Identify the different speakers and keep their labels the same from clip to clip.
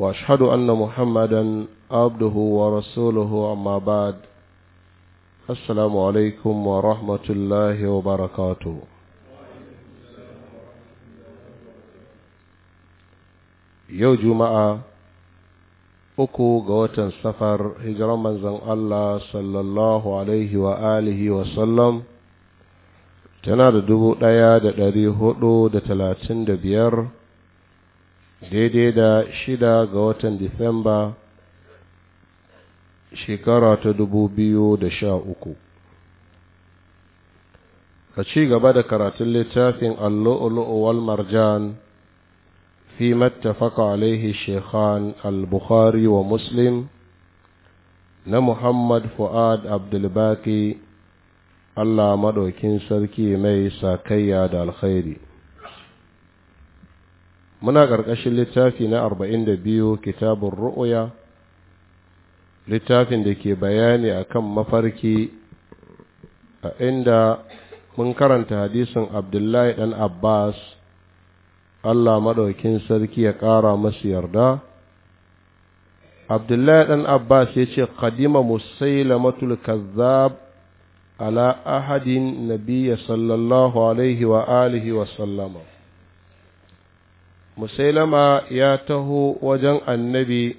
Speaker 1: واشهد ان محمدا عبده ورسوله اما بعد السلام عليكم ورحمه الله وبركاته yau juma'a uku ga watan safar hijiran manzon Allah sallallahu alaihi wa alihi wa sallam tana da dubu ɗaya da ɗari hudu da talatin da biyar daidai da shida ga watan disamba shekara ta dubu biyu da sha uku Ka ci gaba da karatun littafin allu'ulu'u wal marjan fi mattafaka alaihi shekhan al-bukhari wa muslim na muhammad fu'ad abdulbaki allah maɗaukin sarki mai sakayya da alkhairi muna ƙarƙashin littafi na arba'in da biyu kitabun ru'uya littafin da ke bayani akan mafarki a inda mun karanta hadisin abdullahi ɗan abbas allah maɗaukin sarki ya ƙara masu yarda abdullahi ɗan abbas ya ce ƙadima kadima musailamatul kazzab ala ahadin nabiya sallallahu alaihi wa alihi wa sallama musailama ya taho wajen annabi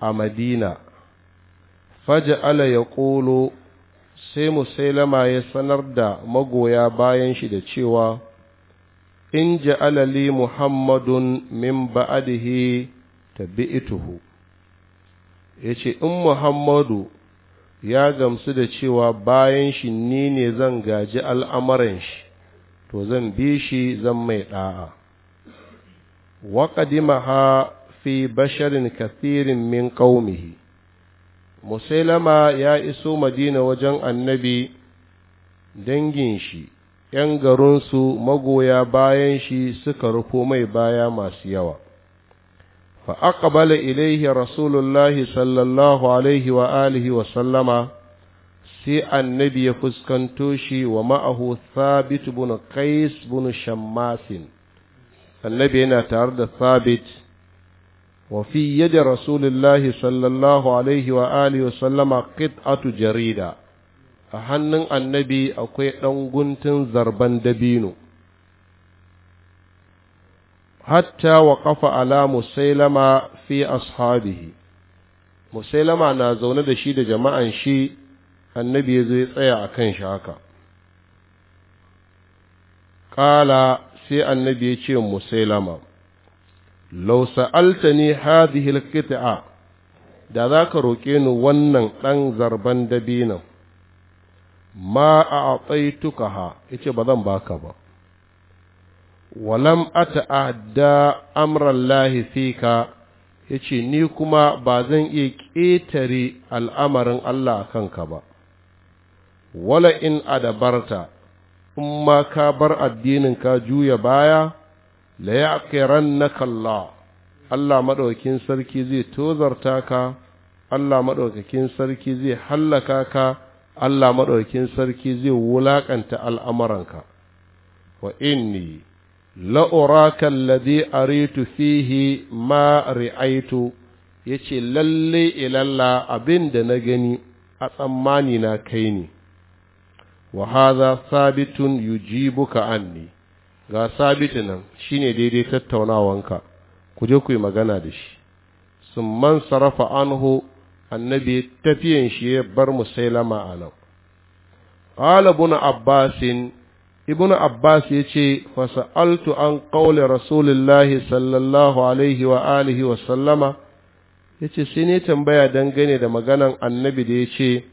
Speaker 1: a madina faja'ala ya ƙolo sai musailama ya sanar da magoya bayan shi da cewa in ji alali muhammadun min ba'adihi tabi'ituhu ya ce in muhammadu ya gamsu da cewa bayan shi ni ne zan gaji al'amuran shi to zan bi shi zan mai ɗa'a وقدمها في بشر basharin من قومه qaumihi musailama ya iso madina wajen annabi dangin shi ‘yan garinsu magoya bayan shi suka rufo mai baya masu yawa. sallallahu alaihi رسول الله صلى الله عليه ya وسلم سي النبي فسكنتوشي ومعه ثابت بن قيس بن شماس annabi yana tare da sabit wa fi yadi rasulullahi sallallahu alaihi wa wa sallama qit'atu jarida a hannun annabi akwai ɗan guntun zarban dabino hatta wa kafa ala musailama fi ashabihi musailama na zaune da shi da jama'an shi annabi ya zo ya tsaya akan shaka ƙala sai annabi ya ce musailama law sa'altani hadhihi alqita'a da za ka roƙe ni wannan ɗan zarban dabinan ma a ha yace ba zan baka ba walam ata'adda amrallahi fika yace ni kuma ba zan iya ƙetare al'amarin Allah kanka ba wala in adabarta in ma ka bar addinin ka juya baya la yaqirannaka Allah Allah madaukakin sarki zai tozarta ka Allah madaukakin sarki zai hallaka ka Allah madaukakin sarki zai wulakanta al'amuranka wa inni la uraka alladhi aritu fihi ma ri'aitu yace lalle ilalla abin da na gani a tsammani na kai ne wa hadha sabitun yujibuka anni ga sabitin nan shine daidai tattaunawanka ku je ku yi magana da shi sun man sarrafa anhu annabi tafiyan shi ya bar musailama a nan qala ibn abbas ibn abbas yace fa sa'altu an qawli rasulillahi sallallahu alaihi wa alihi wa sallama yace sai ne tambaya dangane da maganan annabi da yace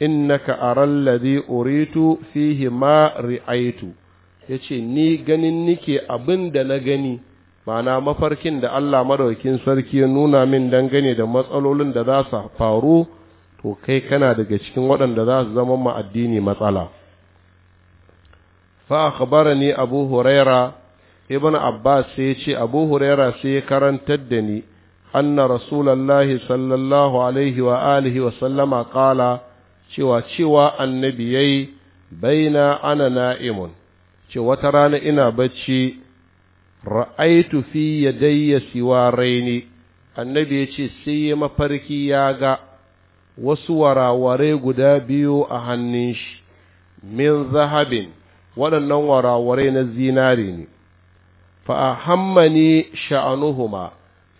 Speaker 1: innaka aral ladhi uritu fihi ma ri'aitu yace ni ganin nike abin da na gani mana mafarkin da Allah madaukin sarki ya nuna min dangane da matsalolin da za su faru to kai kana daga cikin waɗanda za su zama ma addini matsala fa akhbarani abu huraira ibn abbas sai yace abu huraira sai ya karantar da ni anna rasulullahi sallallahu alaihi wa alihi wa sallama qala cewa cewa annabi yayi baina ana na'imun ce wata rana ina bacci ra'aitu fi siwa raini annabi ya ce sai ya mafarki ya ga wasu warawarai guda biyu a hannun shi min zahabin waɗannan warawarai na zinari ne hammani sha'anuhuma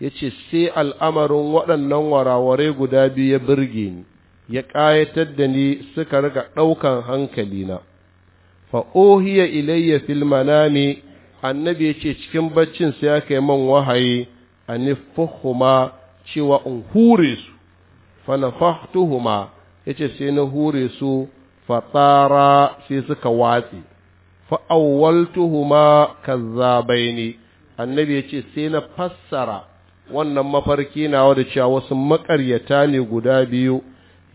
Speaker 1: ya ce sai al'amarin waɗannan warawarai guda biyu ya birge ni ya ƙayatar da ni suka rika ɗaukan hankalina fa ohiya ilayya fil manami annabi ya ce cikin baccin sai aka yi man wahayi a cewa in hure su fa nafahtuhuma ya ce sai na hure su fa tsara sai suka watse fa awwaltuhuma kazzabaini annabi ya ce sai na fassara wannan mafarki na wada cewa wasu maƙaryata ne guda biyu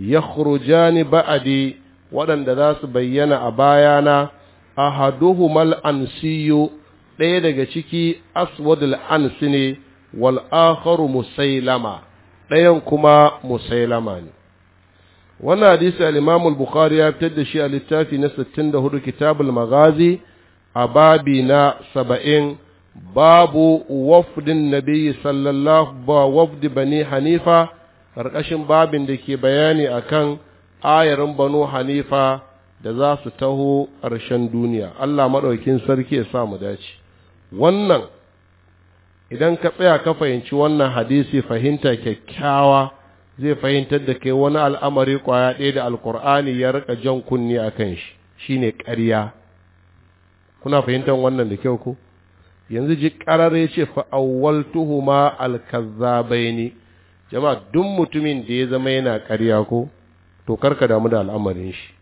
Speaker 1: yakhrujani ba'adi waɗanda za su bayyana a bayana ahaduhumal ansiyu ɗaya daga ciki aswadul ansi ne wal akharu musailama ɗayan kuma musailama ne wannan hadisi al-Imam al-Bukhari ya fitar da shi a littafi na 64 Kitabul Maghazi a babi na 70 babu wafdin Nabi sallallahu ba wafdi bani Hanifa ƙarƙashin babin da ke bayani a kan ayarin banu hanifa da za su taho ƙarshen duniya Allah maɗaukin sarki ya sa mu dace wannan idan ka tsaya ka fahimci wannan hadisi fahimta kyakkyawa zai fahimtar da kai wani al'amari kwaya ɗaya da alkur'ani ya rika jan kunni a kan shi shi ne ƙarya kuna fahimtar wannan da kyau ko yanzu ji ƙarar ya ce fa'awwaltuhuma alkazzabaini jama'a duk mutumin da ya zama yana ƙarya ko to karka damu da al'amarin shi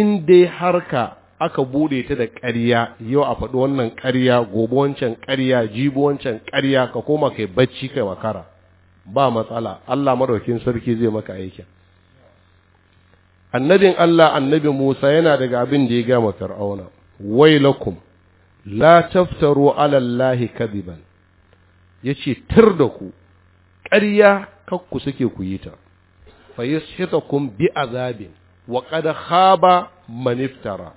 Speaker 1: in dai harka aka bude ta da ƙarya yau a faɗi wannan ƙarya gobe wancan ƙarya jibo wancan ƙarya ka koma kai bacci kai makara ba matsala Allah madaukin sarki zai maka aikin annabin Allah annabi Musa yana daga abin da ya gama fir'auna wailakum la taftaru ala allahi kadiban ya ce tur da ku ƙarya kakku suke ku yi ta fa fayashitakum bi azabin wa qad khaba man iftara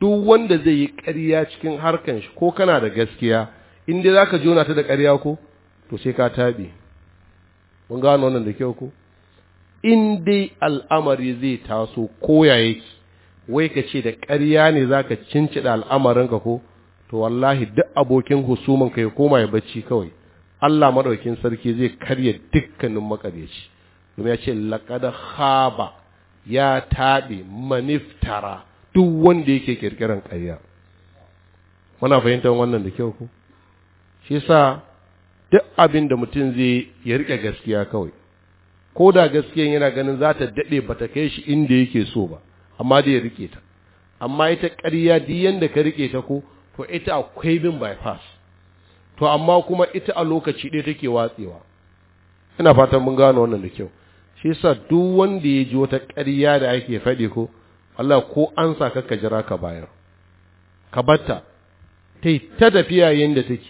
Speaker 1: duk wanda zai yi ƙarya cikin harkan shi ko kana da gaskiya in dai zaka jona ta da ƙarya ko to sai ka tabe mun gano wannan da kyau ko in dai al'amari zai taso koya yake wai ka ce da ƙarya ne zaka cincida al'amarin ka ko to wallahi duk abokin husuman ka ya koma ya bacci kawai Allah maɗaukin sarki zai karya dukkanin makaryaci domin ya ce laqad Haba ya taɓe maniftara duk wanda yake ƙirƙirar ƙarya muna fahimtar wannan da kyau ko shi sa duk abin da mutum zai ya rike gaskiya kawai ko da gaskiyan yana ganin za ta daɗe ba ta kai shi inda yake so ba amma dai ya riƙe ta amma ita ƙarya duk yanda ka riƙe ta ko to ita akwai bin bypass to amma kuma ita a lokaci ɗaya take watsewa ina fatan mun gano wannan da kyau shi yasa duk wanda ya ji wata ƙarya da ake faɗi ko Allah ko an sa ka jira ka bayar ka batta ta yi ta tafiya yadda take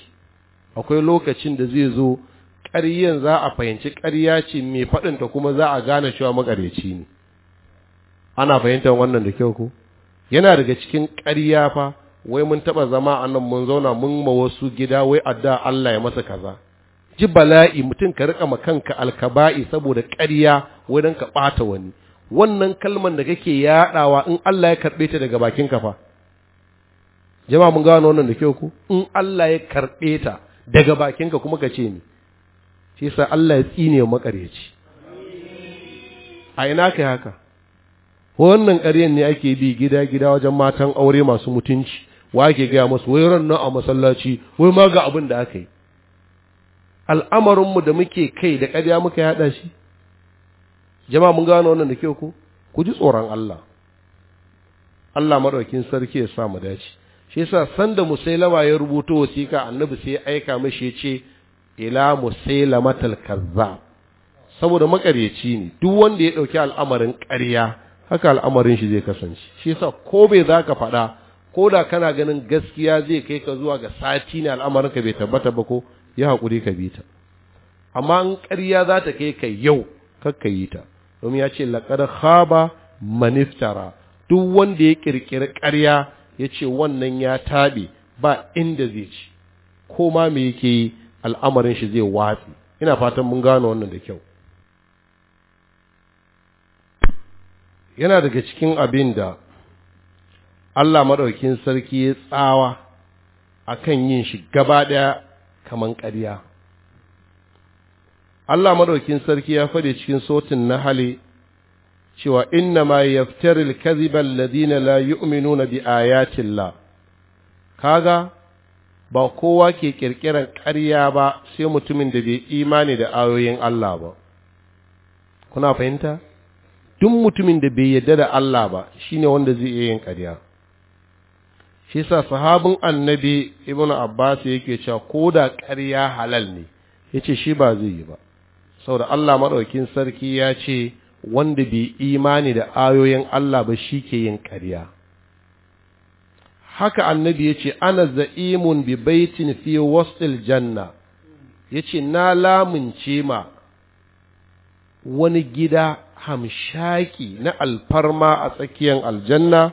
Speaker 1: akwai lokacin da zai zo ƙaryan za a fahimci ƙarya ce mai faɗinta kuma za a gane cewa maƙaryaci ne ana fahimtar wannan da kyau ko yana daga cikin ƙarya fa wai mun taɓa zama a nan mun zauna mun ma wasu gida wai adda Allah ya masa kaza ji bala'i mutum ka rika ma kanka alkaba'i saboda ƙarya wai don ka ɓata wani wannan kalman da kake yaɗawa in Allah ya karɓe ta daga bakin ka fa jama'a mun gano wannan da kyau ku in Allah ya karɓe ta daga bakin ka kuma ka ce ni shi yasa Allah ya tsine wa makaryaci a ina kai haka wannan ƙaryan ne ake bi gida-gida wajen matan aure masu mutunci wa ke gaya masu wai ran nan a masallaci wai ma ga abin da aka yi al'amarinmu da muke kai da ƙarya muka yaɗa shi jama'a mun gano wannan da kyau ku, ku ji tsoron Allah Allah maɗaukin sarki ya sa mu dace shi yasa sanda musailama ya rubuta wasiƙa annabi sai ya aika mashi ya ce ila musailamatal kazza saboda makaryaci ne duk wanda ya ɗauki al'amarin ƙarya haka al'amarin shi zai kasance shi yasa ko bai za ka faɗa ko da kana ganin gaskiya zai kai ka zuwa ga sati ne al'amarinka bai tabbata ba ko ya haƙuri ka bi ta amma in ƙarya za ta kai ka yau kakka yi ta domin ya ce laƙar haba maniftara duk wanda ya ƙirƙiri ƙarya ya ce wannan ya taɓe ba inda zai ci ko ma me yake yi al'amarin shi zai watsi ina fatan mun gano wannan da kyau yana daga cikin abin da Allah maɗaukin sarki ya tsawa a kan yin shi gaba ɗaya kamar ƙarya. Allah maɗaukin sarki ya faɗi cikin sotin na hali cewa inna ma yaftaril kadhiba alladhina la yu'minuna bi ayatillah kaga ba kowa ke ƙirƙirar ƙarya ba sai mutumin da bai imani da ayoyin Allah ba kuna fahimta duk mutumin da bai yarda da Allah ba shi ne wanda zai iya yin ƙarya shi sa sahabin annabi ibnu abbas yake cewa ko da ƙarya halal ne yace shi ba zai yi ba saboda Allah maɗaukin sarki ya ce wanda bai imani da ayoyin Allah ba shi ke yin ƙarya haka annabi yace ana za'imun bi baitin fi wasil janna yace na lamunce ma wani gida hamshaki na alfarma a tsakiyar aljanna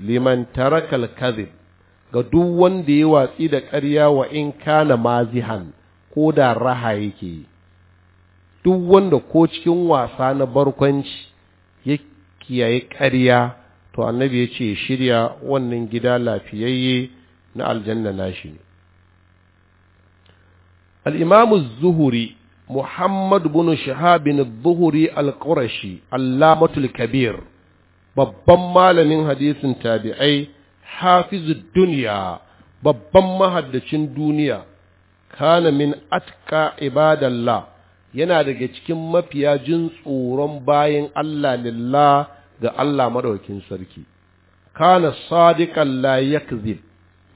Speaker 1: liman tarakal kadhib ga duk wanda ya watsi da ƙarya wa in kana mazihan ko da raha yake yi duk wanda ko cikin wasa na barkwanci ya kiyaye ƙarya to annabi ya ce shirya wannan gida lafiyayye na aljanna nashi ne الإمام الزهري محمد بن شهاب الظهري القرشي اللامة الكبير babban malamin hadisin tabi'ai hafizu duniya babban mahaddacin duniya kana min atka ibadallah yana daga cikin mafiya jin tsoron bayan Allah lillah ga Allah madaukin sarki kana sadiqan la yakzib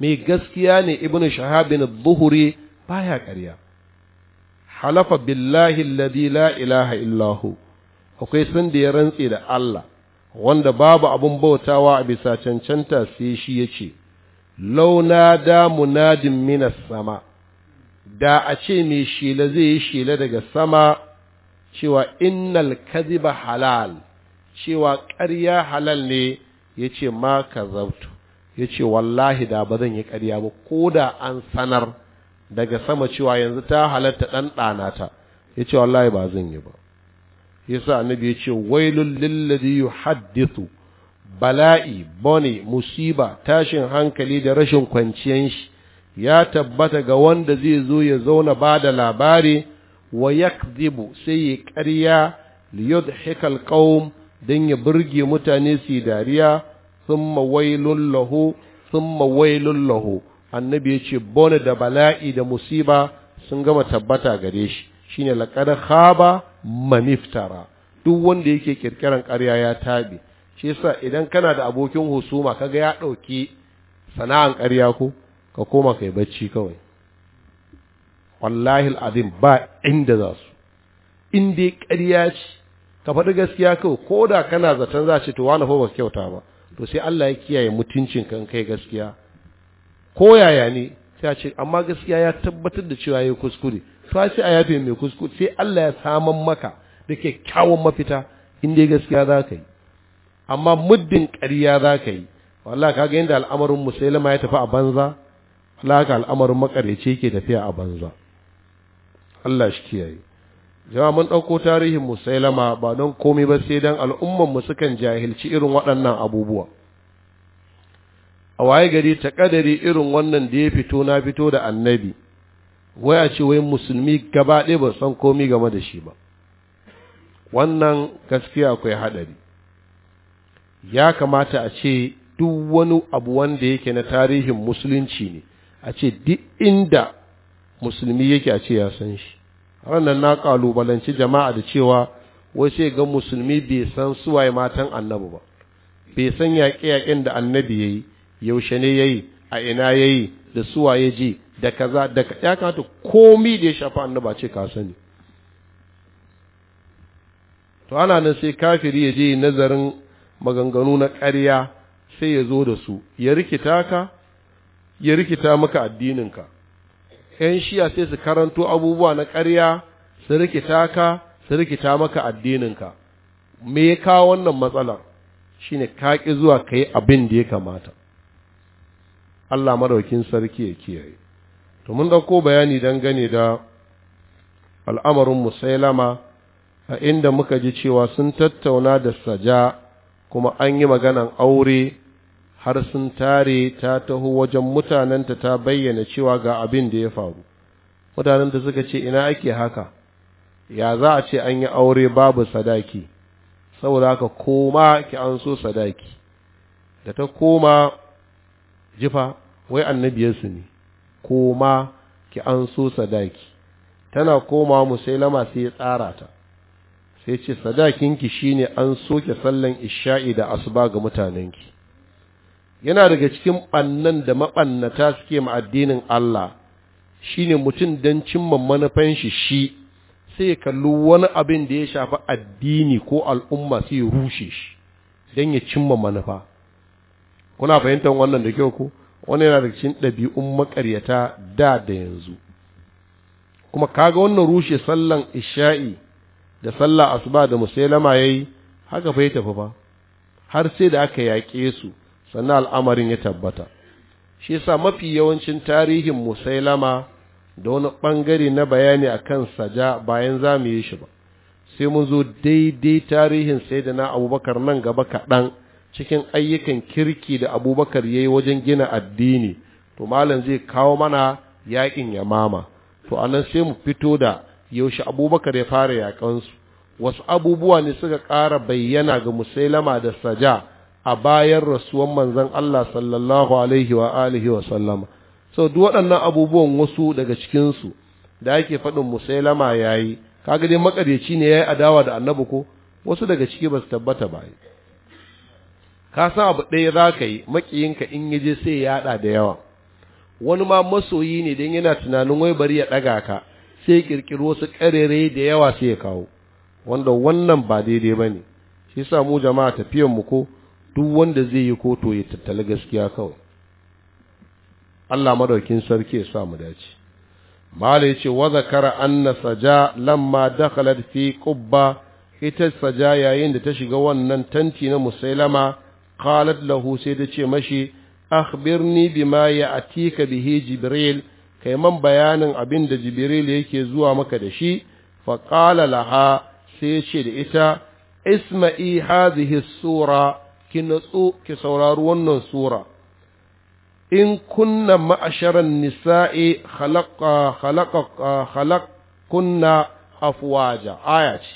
Speaker 1: mai gaskiya ne ibnu shahabin dhuhri baya ƙarya halafa billahi alladhi la ilaha illahu akwai sun da ya rantse da Allah wanda babu abin bautawa a bisa cancanta sai shi ya ce, Launa da munadin minas sama, da a ce mai shela zai yi shela daga sama cewa innal kaziba halal, cewa ƙarya halal ne ya ce ma ka zautu ya ce wallahi da ba zan yi ƙarya ba, ko da an sanar daga sama cewa yanzu ta halatta ɗan ɗanata, ya ce wallahi ba zan yi ba. yasa annabi ya ce wailul lilladhi yuhaddithu bala'i bone musiba tashin hankali da rashin kwanciyar shi ya tabbata ga wanda zai zo ya zauna ba da labari wa yakdhibu sai ya ƙarya liyudhikal qaum dan ya burge mutane su dariya thumma wailul lahu thumma wailul lahu annabi ya ce bone da bala'i da musiba sun gama tabbata gare shi shine laqad khaba maniftara duk wanda yake kirkiran ƙarya ya tabi shi yasa idan kana da abokin husuma kaga ya ɗauki sana'an ƙarya ko ka koma kai bacci kawai wallahi al'azim ba inda za su in dai ƙarya ce ka faɗi gaskiya kawai ko da kana zaton za ce to wani fa ba kyauta ba to sai Allah ya kiyaye mutuncin kan kai gaskiya ko yaya ne sai ce amma gaskiya ya tabbatar da cewa yayi kuskure to a yafe mai kuskure sai Allah ya saman maka da kyakkyawan mafita in dai gaskiya za ka yi amma muddin ƙarya za ka yi wallahi ka ga yadda al'amarin musulma ya tafi a banza wallahi ka al'amarin makaryaci yake tafiya a banza Allah shi kiyaye jama'a mun ɗauko tarihin musulma ba don komai ba sai dan al'umman mu sukan jahilci irin waɗannan abubuwa a waye gari ta kadari irin wannan da ya fito na fito da annabi waya ce wai musulmi gaba ɗaya ba san komi game da shi ba wannan gaskiya akwai haɗari ya kamata a ce duk wani abu wanda yake na tarihin musulunci ne a ce duk inda musulmi yake a ce ya san shi wannan na kalubalanci jama'a da cewa wai sai ga musulmi bai san suwaye matan annabi ba bai san yaƙe-yaƙen da annabi ya yi yaushe ne ya yi a ina ya yi da suwaye je. da kaza da ya kamata komi da ya shafa annaba ce ka sani to ana nan sai kafiri ya je nazarin maganganu na ƙarya sai ya zo da su ya rikita ka ya rikita maka addininka ‘yan shiya sai su karanto abubuwa na ƙarya su rikita ka su rikita maka addininka me ya kawo wannan matsalar shine ne kaƙi zuwa ka yi abin da ya kamata Allah maraukin sarki ya kiyaye to mun ɗauko bayani gane da al'amarin musailama a inda muka ji cewa sun tattauna da saja kuma an yi maganan aure har sun tare ta taho wajen mutanenta ta bayyana cewa ga abin da ya faru Mutanen da suka ce ina ake haka ya za a ce an yi aure babu sadaki saboda haka koma ki an so sadaki da ta koma jifa wai annabiyarsu ne koma ki an so sadaki tana koma mu sai lama sai ya tsara ta sai ce sadakin sadakinki shine an soke sallan isha'i da asuba ga mutanen ki. yana daga cikin bannan da maɓannata suke ma addinin Allah shine mutum dan cimma manufan shi shi sai kalli wani abin da ya shafi addini ko al'umma sai ya rushe shi dan ya cimma manufa kuna fahimtar wannan da kyau ko wani yana da cikin ɗabi'un maƙaryata da da yanzu kuma kaga wannan rushe sallan isha'i da sallah asuba da musailama yayi haka fa ya tafi ba har sai da aka yaƙe su sannan al'amarin ya tabbata shi yasa mafi yawancin tarihin musailama da wani ɓangare na bayani a kan saja bayan za mu yi shi ba sai mun zo daidai tarihin sai da na abubakar nan gaba kaɗan cikin ayyukan kirki da abubakar ya yi wajen gina addini to malam zai kawo mana yaƙin ya mama, to anan sai mu fito da yaushe abubakar ya fara yaƙansu wasu abubuwa ne suka ƙara bayyana ga musailama da saja a bayan rasuwan manzan Allah sallallahu alaihi wa alihi wa sallama so duk waɗannan abubuwan wasu daga cikinsu da ake faɗin musailama yi, kaga dai makaryaci ne ya yi adawa da annabi ko wasu daga ciki ba su tabbata ba ka san abu ɗaya za ka yi maƙiyinka in ya je sai ya haɗa da yawa wani ma masoyi ne don yana tunanin wai bari ya ɗaga ka sai ƙirƙiri wasu ƙarere da yawa sai ya kawo wanda wannan ba daidai ba ne shi sa mu jama'a tafiyan mu ko duk wanda zai yi koto ya tattali gaskiya kawai Allah madaukin sarki ya sa mu dace mala yace wa zakara anna saja lamma dakhalat fi qubba ita saja yayin da ta shiga wannan tanti na musailama qalat lahu sai ta ce mashi akhbirni bima ya'tika bihi jibril kai man bayanin abin da jibril yake zuwa maka da shi Faƙala laha sai ya ce da ita isma'i hadhihi sura ki natsu ki saurari wannan sura in kunna ma'asharan nisa'i khalaqa khalaqa khalaq kunna afwaja aya ce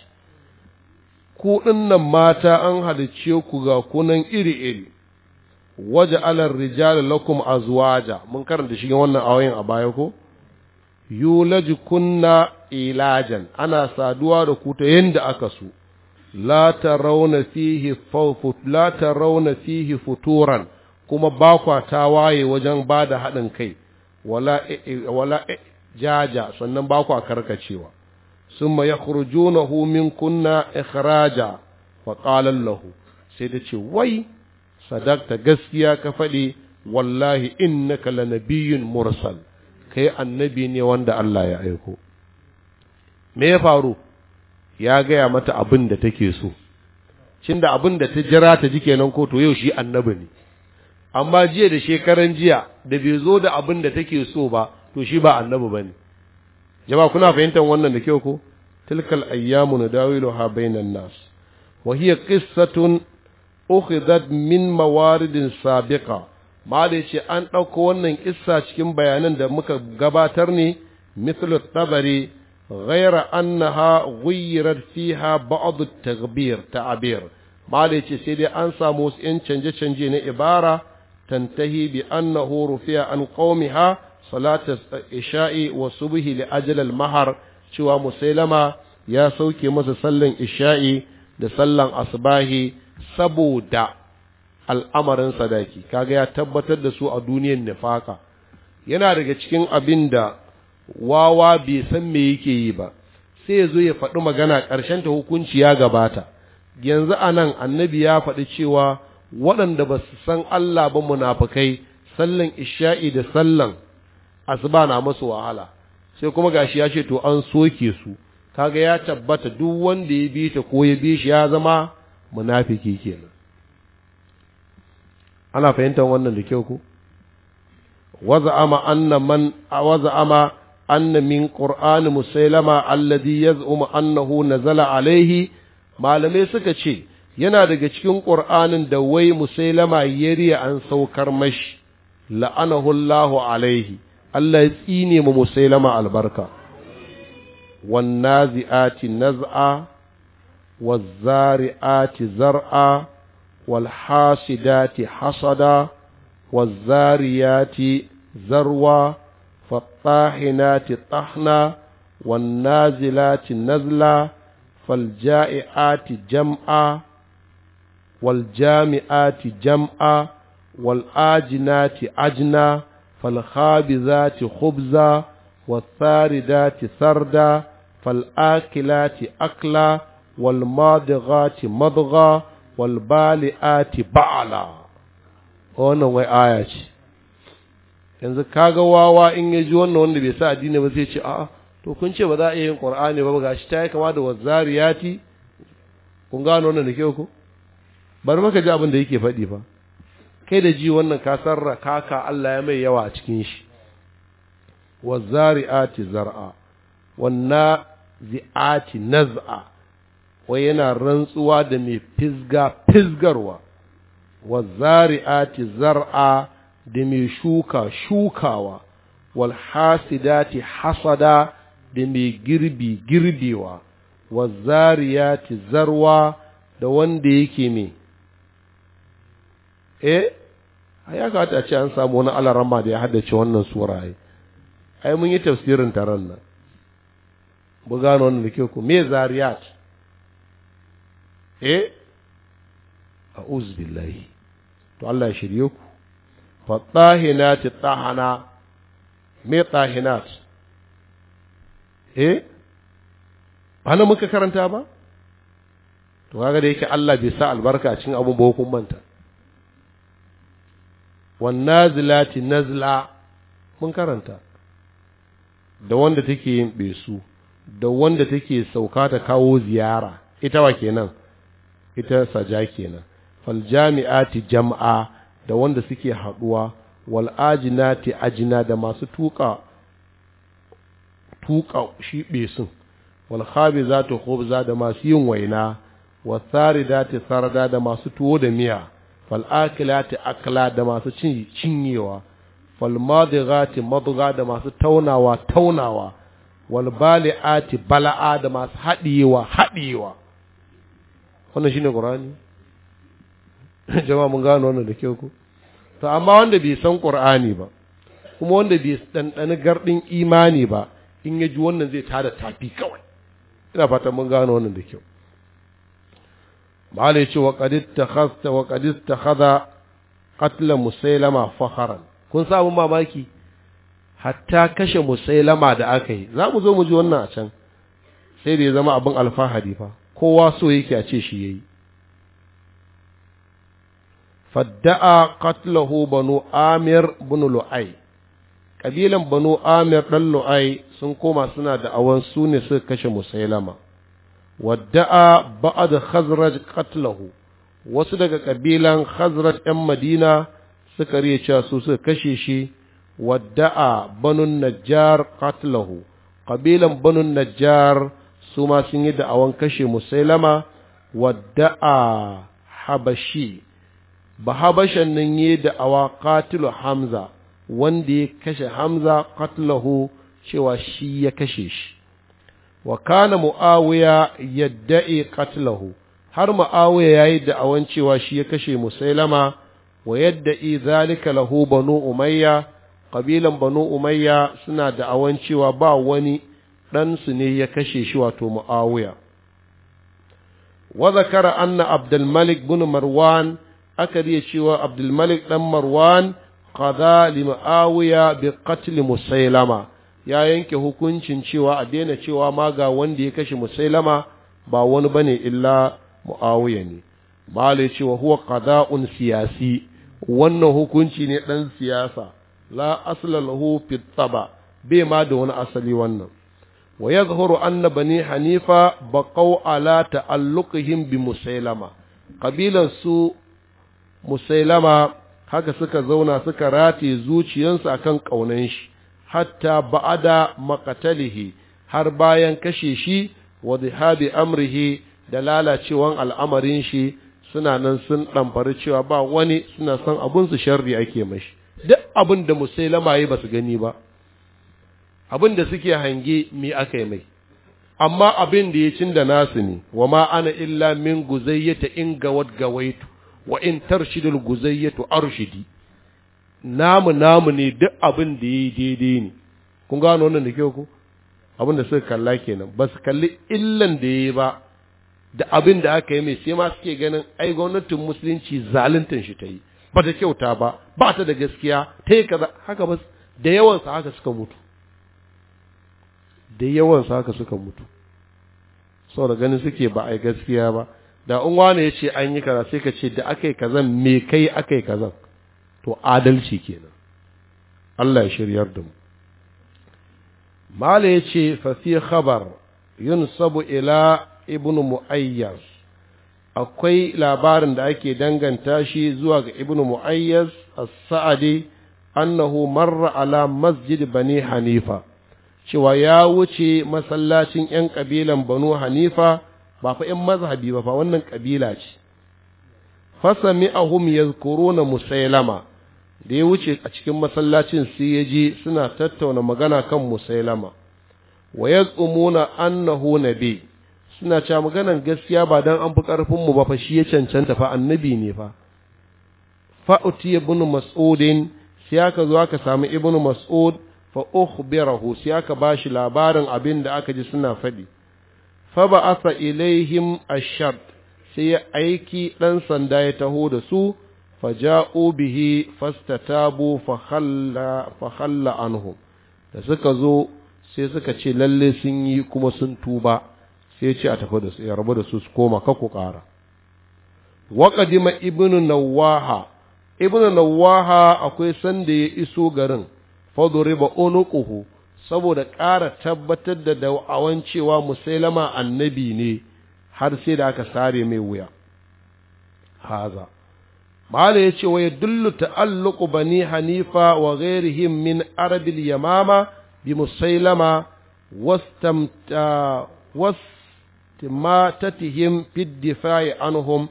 Speaker 1: ku ɗinnan mata an halicce ku ga kunan iri-iri waje alar rijal lakum azwaja mun karanta shi wannan awayin a baya ko yulaji kunna ilajan ana saduwa da ku ta yanda aka so la tarawna fihi la tarawna fihi futuran kuma ba kwa ta waye wajen bada haɗin kai wala wala jaja sannan ba kwa karkacewa ثم يخرجونه من كنا إخراجا فقال له سيدتي وي صدقت قسيا كفلي والله إنك لنبي مرسل mursal. Kai annabi ne wanda Allah ya aiko. faru ya gaya mata abin da take so Cinda da abin da ta jira ta ji kenan ko to yau shi annabi ne amma jiya da shekaran jiya da bai zo da abin da take so ba to shi ba annabi ba ne jama kuna fahimtar wannan da kyau ko tilkal ayyamu nadawiluha bainan nas wa hiya qissatun ukhidhat min mawaridin sabiqa ma an ɗauko wannan ƙisa cikin bayanan da muka gabatar ne mithlu tabari ghayra annaha ghayyarat fiha ba'd at-taghbir ta'bir sai dai an samu wasu yan canje-canje na ibara tantahi bi annahu an qaumiha salatas isha'i wa subhi li ajalal mahar cewa musailama ya sauke masa sallan isha'i da sallan asbahi saboda al'amarin sadaki kaga ya tabbatar da su a duniyar nifaka yana daga cikin abin da wawa bai san me yake yi ba sai ya zo ya faɗi magana ƙarshen ta hukunci ya gabata yanzu a nan annabi ya faɗi cewa waɗanda ba su san Allah ba munafukai sallan isha'i da sallan asuba na masu wahala sai kuma gashi ya ce to an soke su kaga ya tabbata duk wanda ya bi ta ko ya bi shi ya zama munafiki kenan ana fahimtar wannan da kyau ko waza'ama anna man waza'ama anna min qur'an musailama alladhi yaz'umu annahu nazala Alayhi. malamai suka ce yana daga cikin qur'anin da wai musailama yariya an saukar mashi la'anahu Allahu alaihi Allah ya tsine ma musailama albarka wannazi'ati naz'a wazzari'ati zar'a walhasidati hasada wazzariyati zarwa fattahinati tahna wannazilati nazla فالجائعات جمعا jam'a جمعا والآجنات ajna. falhabizati khubza wasaridati sarda fal'akilati akla walmadigati madga walbali'ati ba'ala wannan wai aya ce yanzu kaga wawa in ya ji wannan wanda bai sa addini ba sai ce a'a to kun ce ba za a iya yin qur'ani ba gashi ta yi kama da wazzariyati kun gano wannan da ke ko bari maka ji abin da yake faɗi fa kai da ji wannan ka sarra ka, Allah ya mai yawa a cikin shi wazzari'ati zar'a wanna zi'ati naz'a wai yana rantsuwa da mai fizga fizgarwa wazzari'ati zar'a da mai shuka shukawa walhasidati hasada da mai girbi girbewa wazzariyati zarwa da wanda yake mai eh a ya kawata a ce an samu wani alarama da ya haddace wannan sura ai ai mun yi tafsirin taron nan bu gano wannan da ke ku me zariyat eh a billahi to Allah ya shirye ku fa tahinat tahana me tahinat eh ba muka karanta ba to kaga da yake Allah bai sa albarka cikin abun ba hukumanta wan nazilati nazla mun karanta da wanda take yin besu da wanda take sauka ta kawo ziyara ita wa kenan ita saja kenan fal jami'ati jam'a da wanda suke haduwa wal ajinati ajina da masu tuka tuka shi besun wal khabizatu khubza da masu yin waina wa sarada da masu tuwo da miya fal'akilati akla da masu cinyewa falmadigati maduga da masu taunawa taunawa walbali'ati bala'a da masu haɗiyewa haɗiyewa wannan shine qur'ani jama'a mun gano wannan da kyau ku. to amma wanda bai san qur'ani ba kuma wanda bai dandani gardin imani ba in ya ji wannan zai tada tafi kawai ina fatan mun gano wannan da kyau malai ce wa qadid takhasta wa qadid qatla musailama fakharan kun sa mamaki hatta kashe musailama da aka yi za mu zo mu ji wannan a can sai da ya zama abin alfahari fa kowa so yake a ce shi yayi fadda'a qatlahu banu amir bin lu'ay kabilan banu amir dan lu'ay sun koma suna da awan su ne suka kashe musailama wadda'a ba'ad khazraj qatlahu wasu daga kabilan khazraj yan madina suka riya cewa su suka kashe shi wadda'a banun najjar qatlahu kabilan banun najjar su ma sun yi da'awan kashe musailama wadda'a habashi ba habashan nan yi da'awa qatilu hamza wanda ya kashe hamza qatlahu cewa shi ya kashe shi wa kana mu'awiya yadda'i qatlahu har mu'awiya yayi awan cewa shi ya kashe musailama wa yadda'i zalika lahu banu umayya qabilan banu umayya suna awan cewa ba wani dan su ne ya kashe shi wato mu'awiya wa zakara anna abdul malik bin marwan aka riya cewa abdul malik dan marwan qada li mu'awiya bi qatl musailama ya yanke hukuncin cewa a daina cewa ma ga wanda ya kashe musailama ba wani bane illa muawiya ne malai cewa huwa qada'un siyasi wannan hukunci ne dan siyasa la asla lahu fi taba bai ma da wani asali wannan wa yadhhuru anna bani hanifa baqaw ala ta'alluqihim bi musailama qabilan su musailama haka suka zauna suka rate zuciyansu akan kaunan shi hatta ba'ada makatalihi har bayan kashe shi wa zihabi amrihi da lalacewan al'amarin shi suna nan sun ɗamfari cewa ba wani suna son abun su sharri ake mashi duk abin da musailama yi ba su gani ba abin da suke hange me aka yi mai amma abin da ya cin da nasu ne wa ma ana illa min guzayyata in gawat gawaitu wa in tarshidul guzayyatu arshidi namu namu ne duk abin da ya yi daidai ne kun gano wannan da kyau ku abin da suka kalla kenan ba su kalli illan da ya yi ba da abin da aka yi mai sai ma suke ganin ai gwamnatin musulunci zaluntan shi ta yi ba ta kyauta ba ba ta da gaskiya ta yi kaza haka ba da yawansa haka suka mutu da yawansa haka suka mutu saboda ganin suke ba a yi gaskiya ba da unwa ne ya ce an yi kaza sai ka ce da aka yi kazan me kai aka yi kazan to adalci kenan Allah ya shiryar da mu Malai ya ce fasi khabar yin sabu ila ibn Muayyaz akwai labarin da ake danganta shi zuwa ga ibn Muayyaz as-sa'adi annahu marra ala masjid bani hanifa cewa ya wuce masallacin 'yan kabilan banu hanifa ba fa 'yan mazhabi ba fa wannan kabila ce fasami ahum yazkuruna musailama da ya wuce a cikin masallacin sai ya je suna tattauna magana kan musailama wa yaz'umuna annahu nabi suna cewa maganan gaskiya ba dan an fi karfin mu ba fa shi ya cancanta fa annabi ne fa fa uti mas'udin sai aka zo aka samu ibn mas'ud fa ukhbirahu sai aka bashi labarin abin da aka ji suna faɗi fa ba'atha ilaihim ash-shart sai ya aiki dan sanda ya taho da su فجاءوا به فاستتابوا فخلى فخلى عنهم da suka zo sai suka ce lalle sun yi kuma sun tuba sai ce a tafi da su ya rabu da su su koma ka ku ƙara wa ibnu nawaha ibnu nawaha akwai sanda ya iso garin fadriba Onukuhu, saboda ƙara tabbatar da da'awan cewa musailama annabi ne har sai da aka sare mai wuya haza mala ya ce wa yadullu ta'alluqu bani Hanifa wa ghairihim min arabil yamama bi musailama wastamta wastimatatihim fi difa'i anhum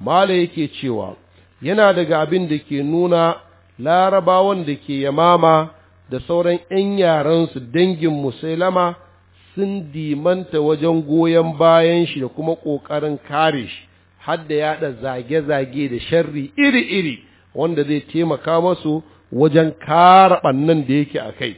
Speaker 1: Malam yake cewa yana daga abin da ke nuna larabawan da ke yamama da sauran ‘yan yaransu dangin musailama sun dimanta wajen goyon bayan shi da kuma ƙoƙarin kare shi, har da zage-zage da sharri iri-iri wanda zai taimaka masu wajen kara ɓannan da yake a kai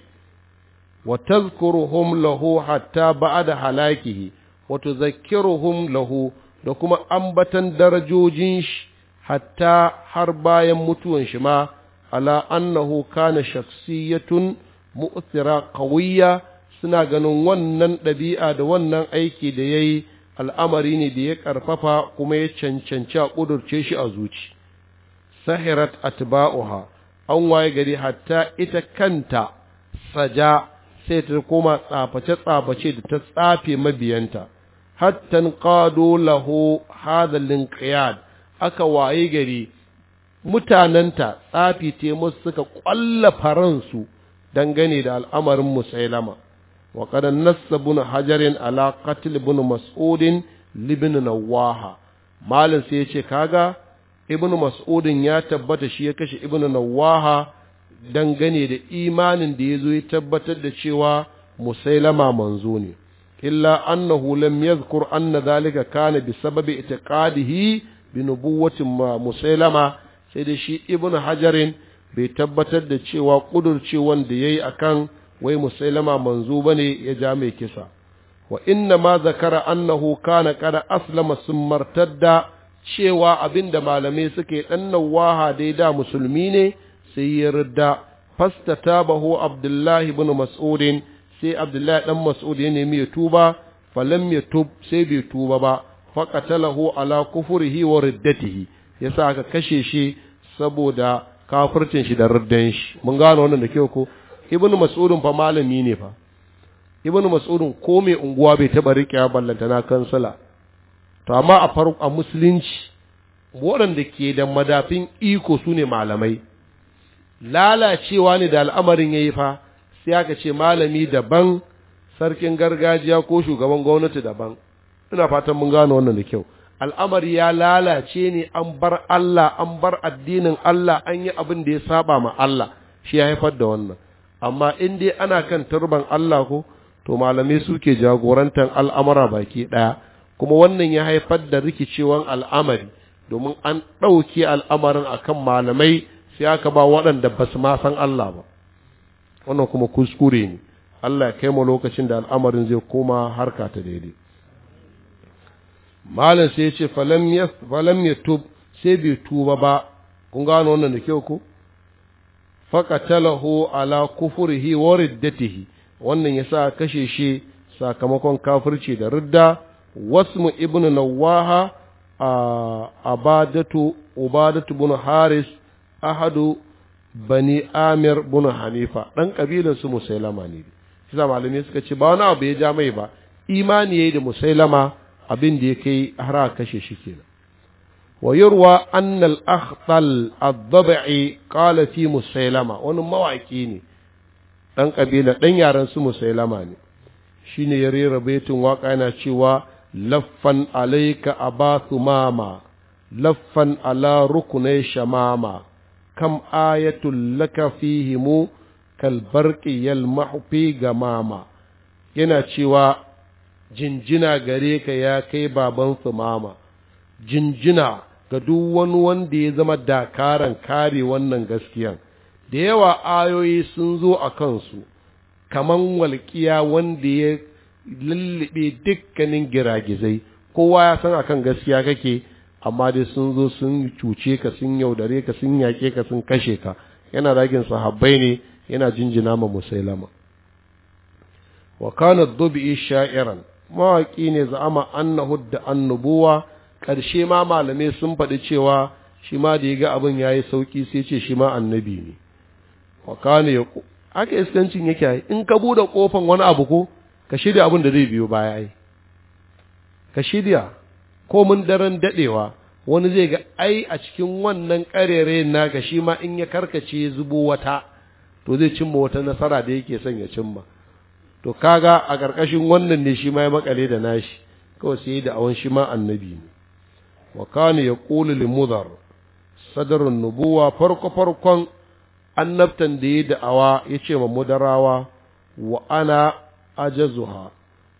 Speaker 1: wa tazkuruhum lahu hatta ba'da halakihi wa tuzakkiruhum lahu da kuma ambatan darajojin shi hatta har bayan mutuwan shi ma ala annahu kana shakhsiyatun mu'thira qawiyya suna ganin wannan ɗabi'a da wannan aiki da yayi al'amari ne da ya ƙarfafa kuma ya cancanci a ƙudurce shi a zuci sahirat atba'uha an waye gari hatta ita kanta saja sai ta koma tsaface-tsaface da ta tsafe mabiyanta hattan qado lahu hadha linqiyad aka waye gari mutananta tsafi musu suka ƙwalla faransu dangane da al'amarin musailama wa qad nassa ibn hajarin ala qatl ibn mas'udin libn nawaha malam sai ya ce kaga ibn mas'udin ya tabbata shi ya kashe ibn Nawwaha dangane da imanin da ya zo ya tabbatar da cewa musailama manzo ne illa annahu lam yadhkur anna dhalika kana bisababi itiqadihi bi nubuwwatin musailama sai da shi ibn hajarin bai tabbatar da cewa kudurcewan da yayi akan wai musailama manzo bane ya ja mai kisa wa inna ma zakara annahu kana kada aslama sun martadda cewa abinda malamai suke dan nawaha dai da musulmi ne sai ya ridda fastatabahu abdullahi ibn mas'udin sai abdullahi dan mas'ud ya nemi ya tuba falam ya tub sai bai tuba ba faqatalahu ala kufrihi wa riddatihi yasa ka kashe shi saboda kafircin shi da riddan shi mun gano wannan da kyau ko ibnu mas'udun fa malami ne fa ibnu mas'udun ko mai unguwa bai taba riƙe ballanta na kansala to amma a farko a musulunci waɗanda ke da madafin iko su ne malamai lalacewa ne da al'amarin ya yi fa sai aka ce malami daban sarkin gargajiya ko shugaban gwamnati daban ina fatan mun gano wannan da kyau al'amari ya lalace ne an bar Allah an bar addinin Allah an yi abin da ya saba ma Allah shi ya haifar da wannan amma in dai ana kan turban Allah ko to malamai suke jagorantar al'amara baki ɗaya kuma wannan ya haifar da rikicewan al'amari domin an ɗauke al'amarin akan malamai sai aka ba waɗanda ba su ma san Allah ba wannan kuma kuskure ne Allah ya kai mu lokacin da al'amarin zai koma harka ta daidai malam sai ya ce falam ya tub sai bai tuba ba kun gano wannan da kyau ko talahu ala kufurihi wa riddatihi wannan ya sa kashe shi sakamakon kafirci da ridda wasmu ibnu nawaha a abadatu ubadatu bin haris ahadu bani amir bin hanifa dan kabilar su musailama ne sa malamai suka ce ba wani abu ya ja mai ba imani yayi da musailama abin da ya kai har a kashe shi kenan ويروى أن الأخطل الضبعي قال في مسيلمة mawaƙi مواكيني ɗan ƙabila ɗan yaren su musailama ne shi ne ya rera baitin waƙa yana cewa laffan alaika a su mama laffan ala rukunai shamama kam ayatul laka fihimu kalbarki yalmahu ga mama yana cewa jinjina gare ka ya kai baban mama jinjina ga duk wani wanda ya zama dakaran kare wannan gaskiyan da yawa ayoyi sun zo a kansu kaman walƙiya wanda ya lullube dukkanin giragizai kowa ya san akan gaskiya kake amma dai sun zo sun cuce ka sun yaudare ka sun yaƙe ka sun kashe ka yana ragin sahabbai ne yana jinjina ma musailama wa kana dubi sha'iran mawaki ne za'ama annahu da annubuwa ƙarshe ma malamai sun faɗi cewa shi ma da ya ga abin ya yi sauƙi sai ce shi ma annabi ne ne ya haka iskancin yake yi in ka buɗe ƙofan wani abu ko ka shirya abin da zai biyo baya yi ka shirya ko mun daren daɗewa wani zai ga ai a cikin wannan ƙarere ga shi ma in ya karkace zubo wata to zai cimma wata nasara da yake son ya cimma to kaga a ƙarƙashin wannan ne shi ma ya maƙale da nashi kawai sai da awon shi ma annabi ne wa kana yaqulu li mudhar sadarun nubuwa farko farkon annabtan da ya da'awa yace ma mudarawa wa ana ajazuha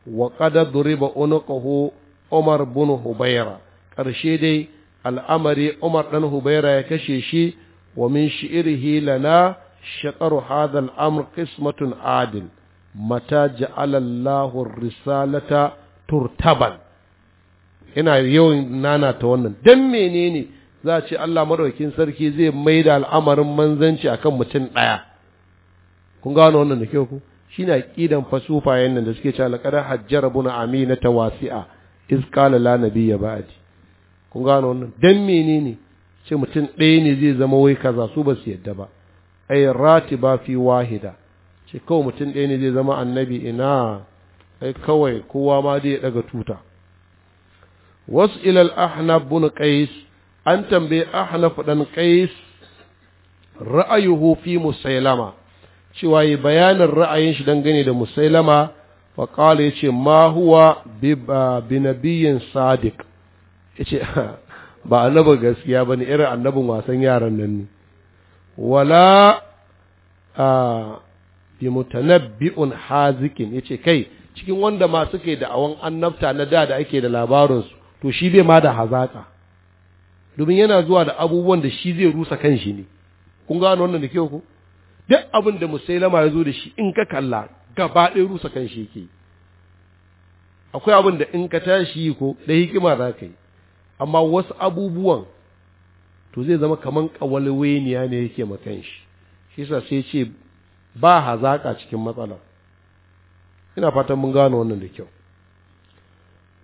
Speaker 1: wa qad duriba unqahu Umar bin Hubaira ƙarshe dai al'amari Umar ɗan Hubaira ya kashe shi wa min shi'irihi lana shaƙaru hadha al'amr qismatun adil mata ja'ala Allahu risalata turtaban yana yawan ta wannan dan menene za a ce Allah madaukakin sarki zai mai da al'amarin manzanci a kan mutum ɗaya kun gano wannan da kyau ku Shi shine aqidan fasufayen nan da suke cewa laqad hajjara buna amina ta Wasi'a, qala la nabiyya ba'di kun gano wannan dan menene ce mutum ɗaya ne zai zama wai kaza su ba su yadda ba ai ba fi wahida ce kawai mutum ɗaya ne zai zama annabi ina ai kawai kowa ma zai ɗaga tuta wasu ilal ahnaf bin qais an tambaye ahnaf dan qais ra'ayuhu fi musailama cewa yi bayanin ra'ayin shi dangane da musailama fa qala yace ma huwa bi binabiyin sadiq yace ba annabi gaskiya bane irin annabin wasan yaran nan ne wala a bi mutanabbi'un hazikin yace kai cikin wanda ma suke da'awan annabta na da da ake da labarinsu to shi bai ma da hazaƙa domin yana zuwa da abubuwan da shi zai rusa kan shi ne kun gano wannan da kyau ko duk abin da musailama ya zo da shi in ka kalla gaba ɗaya rusa kan shi yake akwai abin da in ka tashi ko da hikima za ka yi amma wasu abubuwan to zai zama kamar ƙawalweniya ne yake makan shi shi yasa sai ce ba hazaƙa cikin matsala ina fatan mun gano wannan da kyau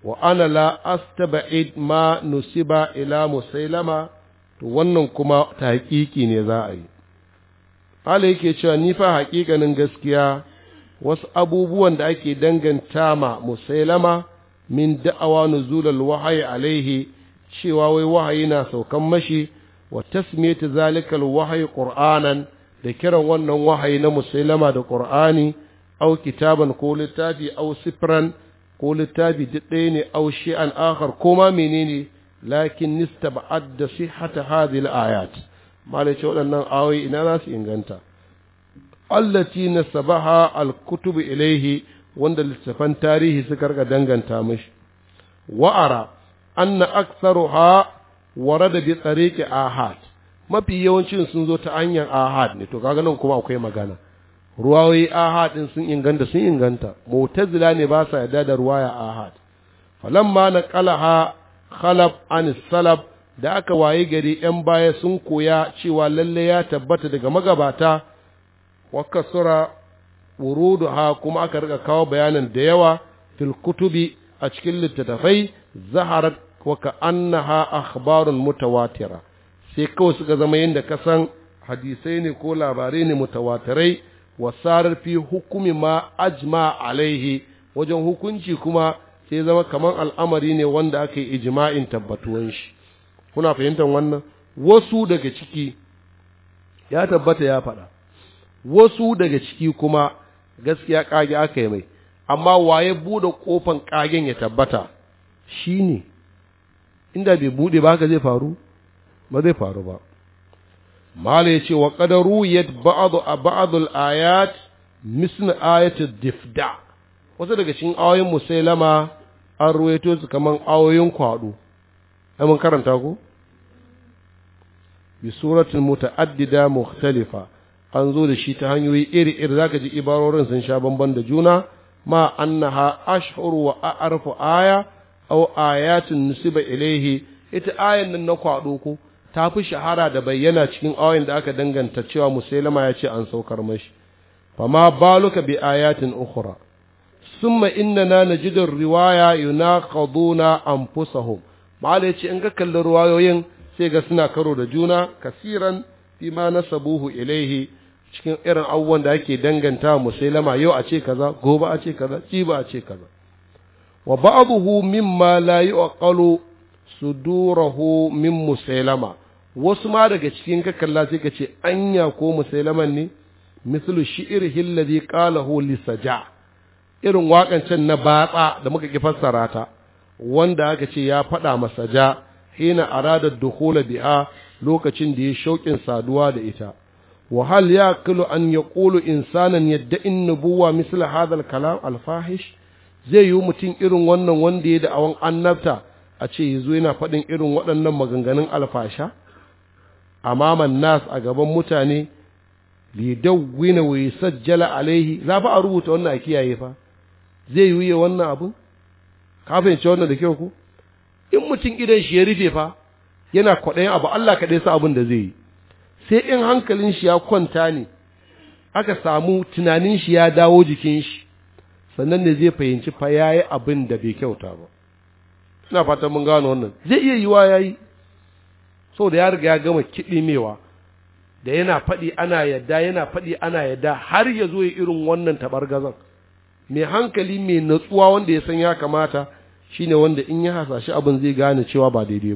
Speaker 1: wa ana la astaba'id ma nusiba ila musailama to wannan kuma ta hakiki ne za a yi ala yake cewa ni fa haƙiƙanin gaskiya wasu abubuwan da ake danganta ma musailama min da'awa nuzulal wahayi alaihi cewa wai wahayi na saukan mashi wa tasmiyatu zalikal wahayi qur'anan da kiran wannan wahayi na musailama da qur'ani au kitaban ko littafi au sifran ko littafi duk ɗaya ne au an akhar ko ma menene lakin nistaba'ad da sihhata hata al-ayat malai waɗannan awai, ina za su inganta allati nasabaha al-kutub ilayhi wanda littafan tarihi suka rika danganta mashi. wa'ara anna aktharuha warada bi tariqi ahad mafi yawancin sun zo ta hanyar ahad ne to kaga nan kuma akwai magana ruwayoyi ahad din sun inganta sun inganta mu'tazila ne ba sa yarda da ruwaya ahad falamma qalaha khalaf an salaf da aka waye gari ‘yan baya sun koya cewa lalle ya tabbata daga magabata, wa sura wurudu kuma aka rika kawo bayanan da yawa fil kutubi a cikin littattafai zaharat waka annaha akhbarun mutawatira sai kawai suka zama yadda kasan hadisai ne ko labarai ne mutawatirai Wasarar fi hukumi ma ajma alaihi wajen hukunci kuma sai zama kamar al'amari ne wanda aka yi ijma'in tabbatuwan shi kuna fahimtar wannan wasu daga ciki ya tabbata ya faɗa wasu daga ciki kuma gaskiya kage aka yi mai amma waye bude kofan kagen ya tabbata shine inda bai bude ba ka zai faru ba zai faru ba mala ce wa ƙadaru yat ba'd a al-ayat misl ayat difda wasu daga cikin ayoyin musailama an ruwaito su kaman ayoyin kwado ai mun karanta ko bi suratul muta'addida mukhtalifa an zo da shi ta hanyoyi iri-iri zaka ji ibarorin sun sha bamban da juna ma annaha ashhur wa a'rafu aya aw Ayatun nusiba ilayhi ita ayan nan na kwado ko ta fi shahara da bayyana cikin awayin da aka danganta cewa musailama ya ce an saukar mashi fama baluka bi ayatin ukhra summa innana najidu riwaya yunaqaduna anfusahum bale ce in ka kalli riwayoyin sai ga suna karo da juna kasiran fi ma nasabuhu ilaihi cikin irin abubuwan da ake danganta musailama yau a ce kaza gobe a ce kaza ba a ce kaza wa ba'dahu mimma la yuqalu sudurahu min musailama wasu ma daga cikin ka kalla sai ka ce anya ko musailaman ne mislu shi'ir hillazi qalahu lisaja irin waƙan can na batsa da muka ki fassara ta wanda aka ce ya faɗa masaja hina arada dukhula biha lokacin da ya shauƙin saduwa da ita وهل an أن يقول yadda in nubuwa mislu هذا kalam alfahish zai yi mutum irin wannan wanda ya da awon annabta a ce yazo yana faɗin irin waɗannan maganganun alfasha maman nas a gaban mutane lidawwina wai sajjala alaihi za fa a rubuta wannan a kiyaye fa zai yi wannan abin kafin ce wannan da kyau ku? in mutum idan shi ya rufe fa yana kwaɗayi abu Allah kaɗai sa abin da zai yi sai in hankalin shi ya kwanta ne aka samu tunanin shi ya dawo jikin shi sannan ne zai fahimci fa yayi abin da bai kyauta ba ina fatan mun gano wannan zai iya yiwa yayi da ya riga ya gama kiɗimewa da yana faɗi ana yadda yana faɗi ana yadda har ya zo ya irin wannan tabargazan mai hankali mai natsuwa wanda ya san ya kamata shine wanda in ya hasashi abin zai gane cewa ba daidai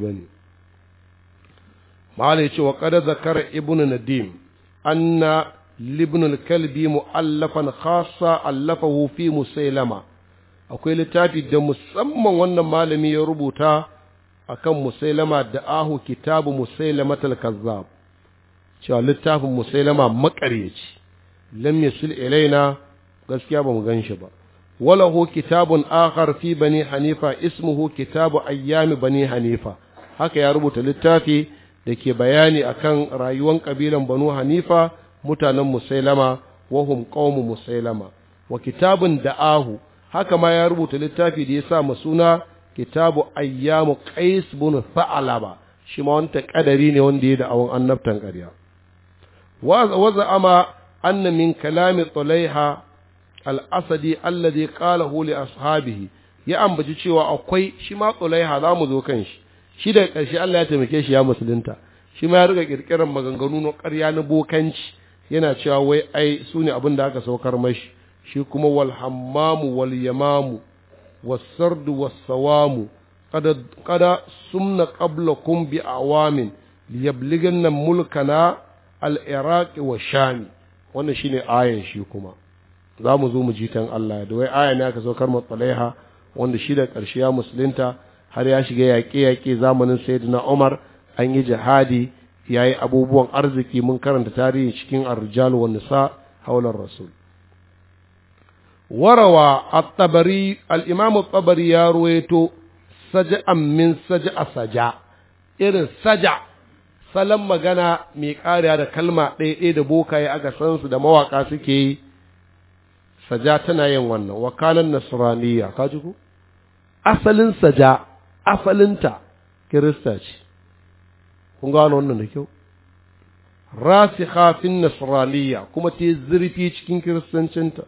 Speaker 1: ba ne ce wa kada zakar ibn nadim anna libnul kalbi mu'allafan khassa allafahu fi musailama akwai littafi da musamman wannan malami ya rubuta a kan musailama da ahu kitabu musailama kazzab cewa littafin musailama makaryaci lam yasul ilaina gaskiya ba mu gan shi ba walahu kitabun akhar fi bani hanifa ismuhu kitabu ayyami bani hanifa haka ya rubuta littafi da ke bayani akan rayuwar kabilan banu hanifa mutanen musailama wahum qaumu musailama wa kitabun da'ahu haka ma ya rubuta littafi da ya sa ma suna kitabu ayyamu qais bin fa'alaba shi ma wanta kadari ne wanda ya da awon annabtan ƙarya waza ama anna min kalami al-asadi alladhi qalahu li ashabihi ya ambaci cewa akwai shi ma tsulaiha za mu zo kan shi shi daga ƙarshe Allah ya taimake shi ya musulunta shi ma ya riga kirkirar maganganu na ƙarya na bokanci yana cewa wai ai su ne abin da aka saukar mashi shi kuma wal hammamu wal yamamu wasardu wasawamu kada sumna qablakum bi awamin liyabliganna mulkana al-iraqi wa sham wannan shine ayan shi kuma za mu zo mu ji tan Allah da wai ayan aka zo ma matsalaiha wanda shi da ƙarshe ya musulunta har ya shiga yaƙe-yaƙe zamanin sayyidina Umar an yi jihadi yayi abubuwan arziki mun karanta tarihi cikin ar-rijal wa nisa haular rasul warawa at-tabari al-imamu tabari ya ruwaito saja'an min saja'a saja irin saja salon magana mai ƙariya da kalma ɗaya ɗaya da bokaye aka san su da mawaka suke yi saja tana yin wannan wakalan nasraniya ka ji ku asalin saja asalinta kirista ce kun gano wannan da kyau rasikha fin nasraniya kuma ta zurfi cikin kiristancinta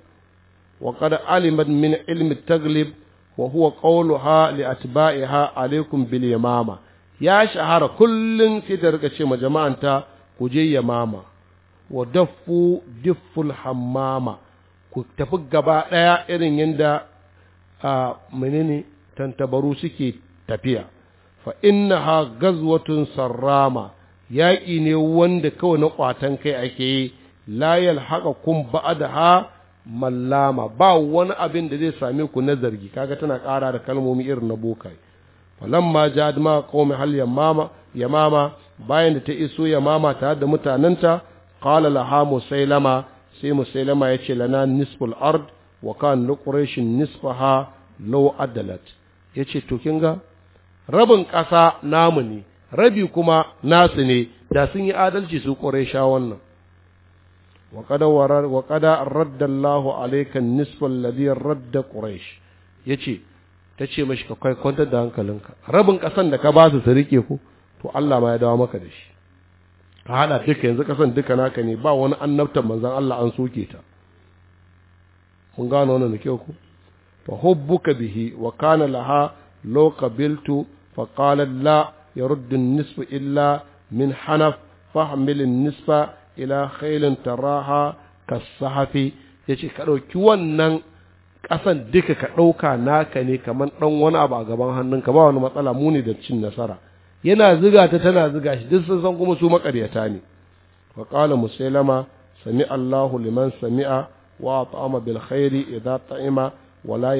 Speaker 1: Waƙar وقد علمت من علم wa وهو قولها لأتباعها عليكم باليمامة ya shahara kullum sai ta rika ma jama'anta ku je yamama wa dafu difful hammama ku tafi gaba ɗaya irin yadda a menene tantabaru suke tafiya fa innaha gazwatun sarrama yaƙi ne wanda kawai na ƙwatan kai ake yi la yalhaqa kum ba'daha mallama ba wani abin da zai same ku na zargi kaga tana ƙara da kalmomi irin na bokai falamma ma qaumi hal yamama yamama bayan da ta iso yamama ta da mutananta qala laha musailama sai musailama yace lana nisful ard wa kan luqrashin nisfaha law adalat yace to kin ga rabin ƙasa namu ne rabi kuma nasu ne da sun yi adalci su ƙuresha wannan وقد ورد وقد رد الله عليك النصف الذي رد yace tace mashi ka kai kwantar da hankalinka rabin kasan da ka ba su rike ku to Allah ma ya dawo maka da shi ka hada duka yanzu kasan duka naka ne ba wani annabta manzon Allah an soke ta kun gano wannan da kyau ku fa hubbuka bihi wa kana laha law qabiltu fa qalat la yaruddu an illa min hanaf fahmil an-nisfa ila khailin taraha kasahafi yace ka ɗauki wannan kasan duka ka ɗauka naka ne kaman ɗan wani abu a gaban hannunka ba wani matsala mu ne da cin nasara yana ziga ta tana ziga shi duk sun san kuma su makaryata ne wa qala musailama sami Allahu liman sami'a wa at'ama bil khairi idha ta'ima wa la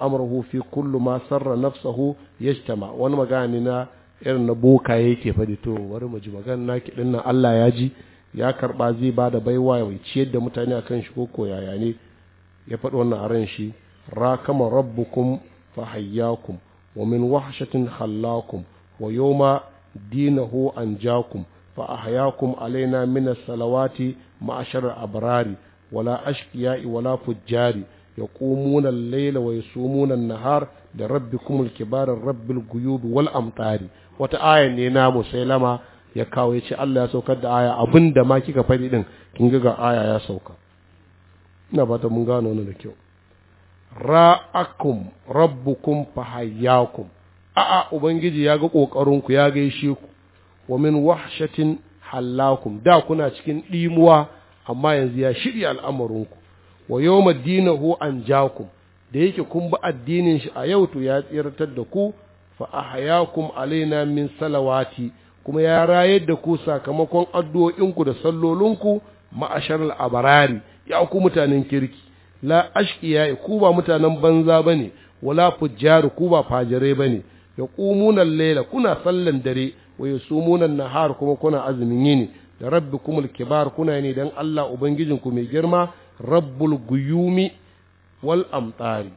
Speaker 1: amruhu fi kullu ma sarra nafsuhu yajtama wani magana ne na irin na boka yake fadi to bari mu ji magana naki dinnan Allah ya ji ya karba zai ba da baiwa ya ciyar da mutane akan shi ko ko ne ya faɗi wannan a ran shi rakama rabbukum fa hayyakum wa min wahshatin hallakum wa yawma dinahu anjakum fa ahyakum alaina min as-salawati ma'ashar abrari wala ashqiya'i wala fujjari يقومون الليل ويصومون النهار لربكم الكبار الرب الجيوب والأمطار وتآية sai lama. ya kawo ya ce Allah ya saukar da aya abin da ma kika faɗi din kin ga aya ya sauka ina ba ta mun gano wannan da kyau ra'akum rabbukum fahayyakum a'a ubangiji ya ga kokarin ku ya gaishe ku wa min wahshatin hallakum da kuna cikin ɗimuwa amma yanzu ya shirya al'amarin ku wa yawma dinahu an jakum da yake kun bi addinin shi a yau to ya tsirtar da ku fa ahyakum alaina min salawati kuma ya rayar da ku sakamakon addu'o'inku da sallolinku ma'asharal al'abarari, ya ku mutanen kirki la yi ku ba mutanen banza bane wala fujjar ku ba fajire bane ku munan laila kuna sallan dare wa yusumuna nahar kuma kuna azumin yini da rabbi rabbikumul kibar kuna ne dan Allah ubangijinku mai girma rabbul guyumi wal amtari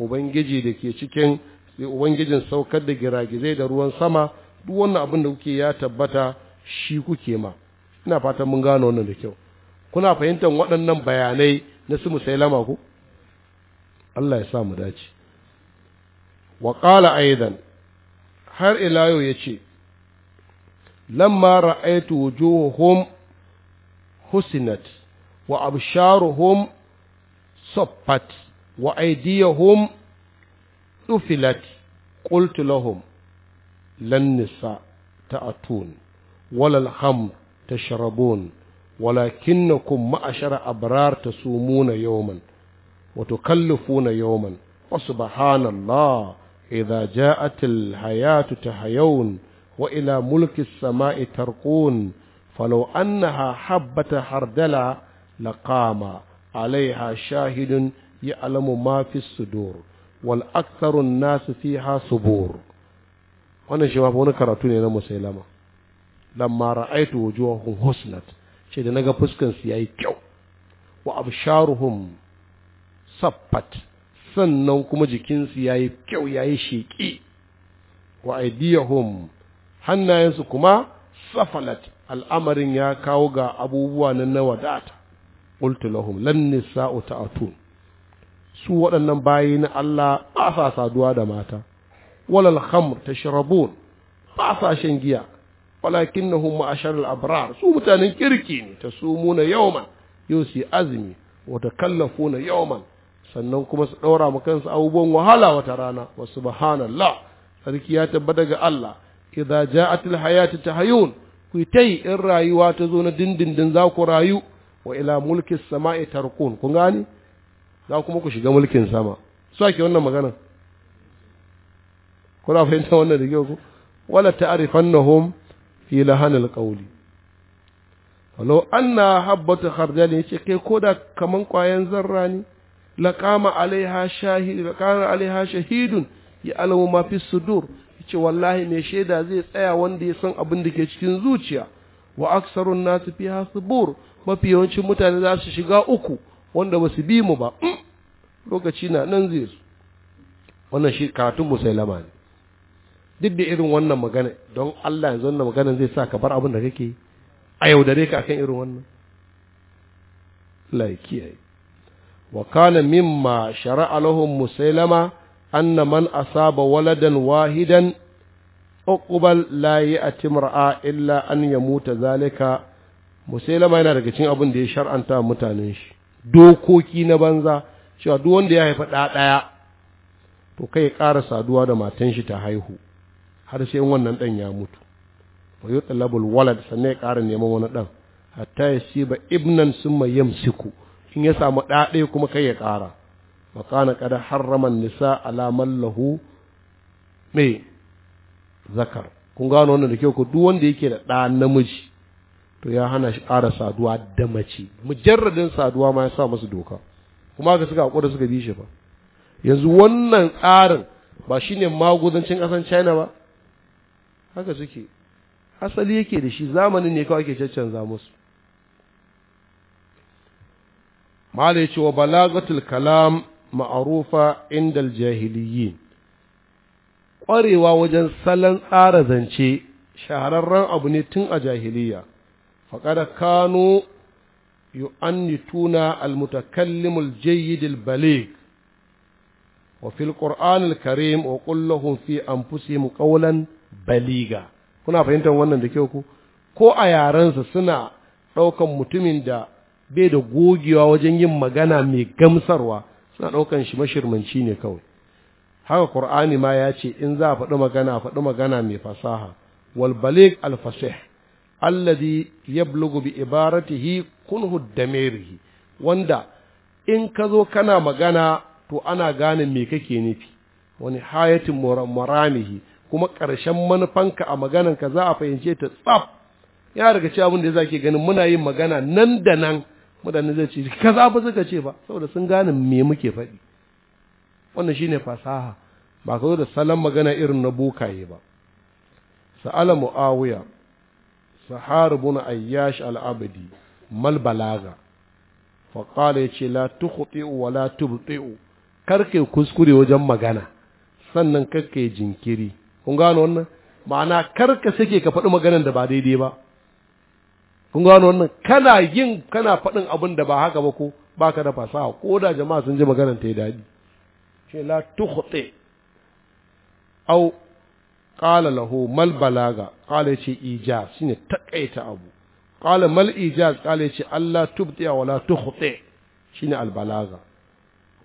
Speaker 1: ubangiji da ke cikin ubangijin saukar da giragizai da ruwan sama duk wannan abin da kuke ya tabbata shi kuke ma ina fatan mun gano wannan da kyau kuna fahimtar waɗannan bayanai na su musailama ko Allah ya sa mu dace wa qala aidan har ila yau yace lamma ra'aytu wujuhum husinat wa absharuhum saffat wa aydiyahum tufilat qultu لن نساء تأتون ولا الخمر تشربون ولكنكم معشر أبرار تصومون يوما وتكلفون يوما وسبحان الله إذا جاءت الحياة تحيون وإلى ملك السماء ترقون فلو أنها حبة حردلة لقام عليها شاهد يعلم ما في الصدور والأكثر الناس فيها صبور wannan shi ma wani karatu ne na musailama lamma ra'aitu wujuhahum husnat ce da naga fuskan su yayi kyau wa absharuhum saffat sannan kuma jikinsu yayi kyau yayi sheki wa aydiyahum hannayensu kuma safalat al'amarin ya kawo ga abubuwa nan na wadata qultu lahum lan nisa'u ta'atun su waɗannan bayi na Allah ba sa saduwa da mata walal khamr tashrabun ba sa shan giya walakinnahum ma'asharul abrar su mutanen kirki ne ta tasumuna yawman yau su azumi wa takallafuna yawman sannan kuma su daura mu kansu abubuwan wahala wata rana wasu subhanallah sarki ya tabbata ga Allah idza ja'atil hayatu tahayun ku tai in rayuwa ta zo na dindindin za ku rayu wa ila mulki sama'i tarkun kun gani za kuma ku shiga mulkin sama su ake wannan magana kuna fahimta wannan da kyau ko wala ta'rifannahum fi lahanil qawli walau anna habbatu khardal yace kai koda kaman kwayan zarra ne laqama alaiha shahid laqama alaiha shahidun ya alamu ma fi sudur yace wallahi mai shaida zai tsaya wanda ya san abin da ke cikin zuciya wa aksarun nasu fiha subur mafi yawancin mutane za su shiga uku wanda ba su bi mu ba hmm, lokaci na nan zai su wannan shi karatun musailama ne duk da irin wannan magana don Allah yanzu wannan magana zai sa ka bar abin da kake a yaudare ka akan irin wannan Allah kiyaye wa kana mimma shara'a lahum musailama anna man asaba waladan wahidan uqbal la ya'ti mar'a illa an yamuta zalika musailama yana daga cikin abin da ya shar'anta mutanen shi dokoki na banza cewa duk wanda ya haifa ɗaya to kai ƙara saduwa da matan shi ta haihu har sai wannan ɗan ya mutu fa talabul walad sannan ya ƙara neman wani ɗan hatta ya ba ibnan summa yamsiku in ya samu ɗaɗe kuma kai ya ƙara kana kada harraman nisa alaman lahu mai zakar kun gano wannan da kyau ku duk wanda yake da ɗa namiji to ya hana shi ƙara saduwa da mace mujarradin saduwa ma ya sa masu doka kuma ga suka haƙura suka bi shi yanzu wannan tsarin ba shine magudancin ƙasan china ba haka suke asali yake da shi zamanin ne kawai ke caccanza musu mala ce wa balagatul kalam ma'arufa indal jahiliyin ƙwarewa wajen salon tsara zance shahararren abu ne tun a jahiliya faƙada kano yu'annituna المتكلم الجيد البليغ وفي القرآن الكريم وقل لهم في أنفسهم قولا baliga kuna fahimtar wannan da kyau ku ko a yarensa suna ɗaukan mutumin da bai da gogewa wajen yin magana mai gamsarwa suna ɗaukan shi mashirmanci ne kawai haka qur'ani ma ya ce in za a faɗi magana faɗi magana mai fasaha wal baligh al fasih alladhi yablughu bi ibaratihi kunhu damirihi wanda in ka zo kana magana to ana gane me kake nufi wani hayatin maramihi kuma ƙarshen manufanka a maganarka za a fahimce ta tsaf ya daga ce abin da ya zaki ganin muna yin magana nan da nan mutane zai ce Ka za ba suka ce ba saboda sun gane me muke faɗi wannan shine fasaha ba ka zo da salon magana irin na bokaye ba sa'ala mu'awiya sahar bin ayyash al-abadi mal balaga fa qala yace la tukhti wa la tubti karke kuskure wajen magana sannan karke jinkiri kun gano wannan ma'ana karka sake ka faɗi maganar da ba daidai ba kun gano wannan kana yin kana faɗin abin da ba haka ba ko ba ka da fasaha ko da jama'a sun ji maganar ta yi daɗi ce la tuhuɗe au ƙala lahu mal balaga ƙala ce shi shine taƙaita abu Ƙala mal ijaz ƙala ce Allah tubti wa la tuhuɗe shine ne albalaga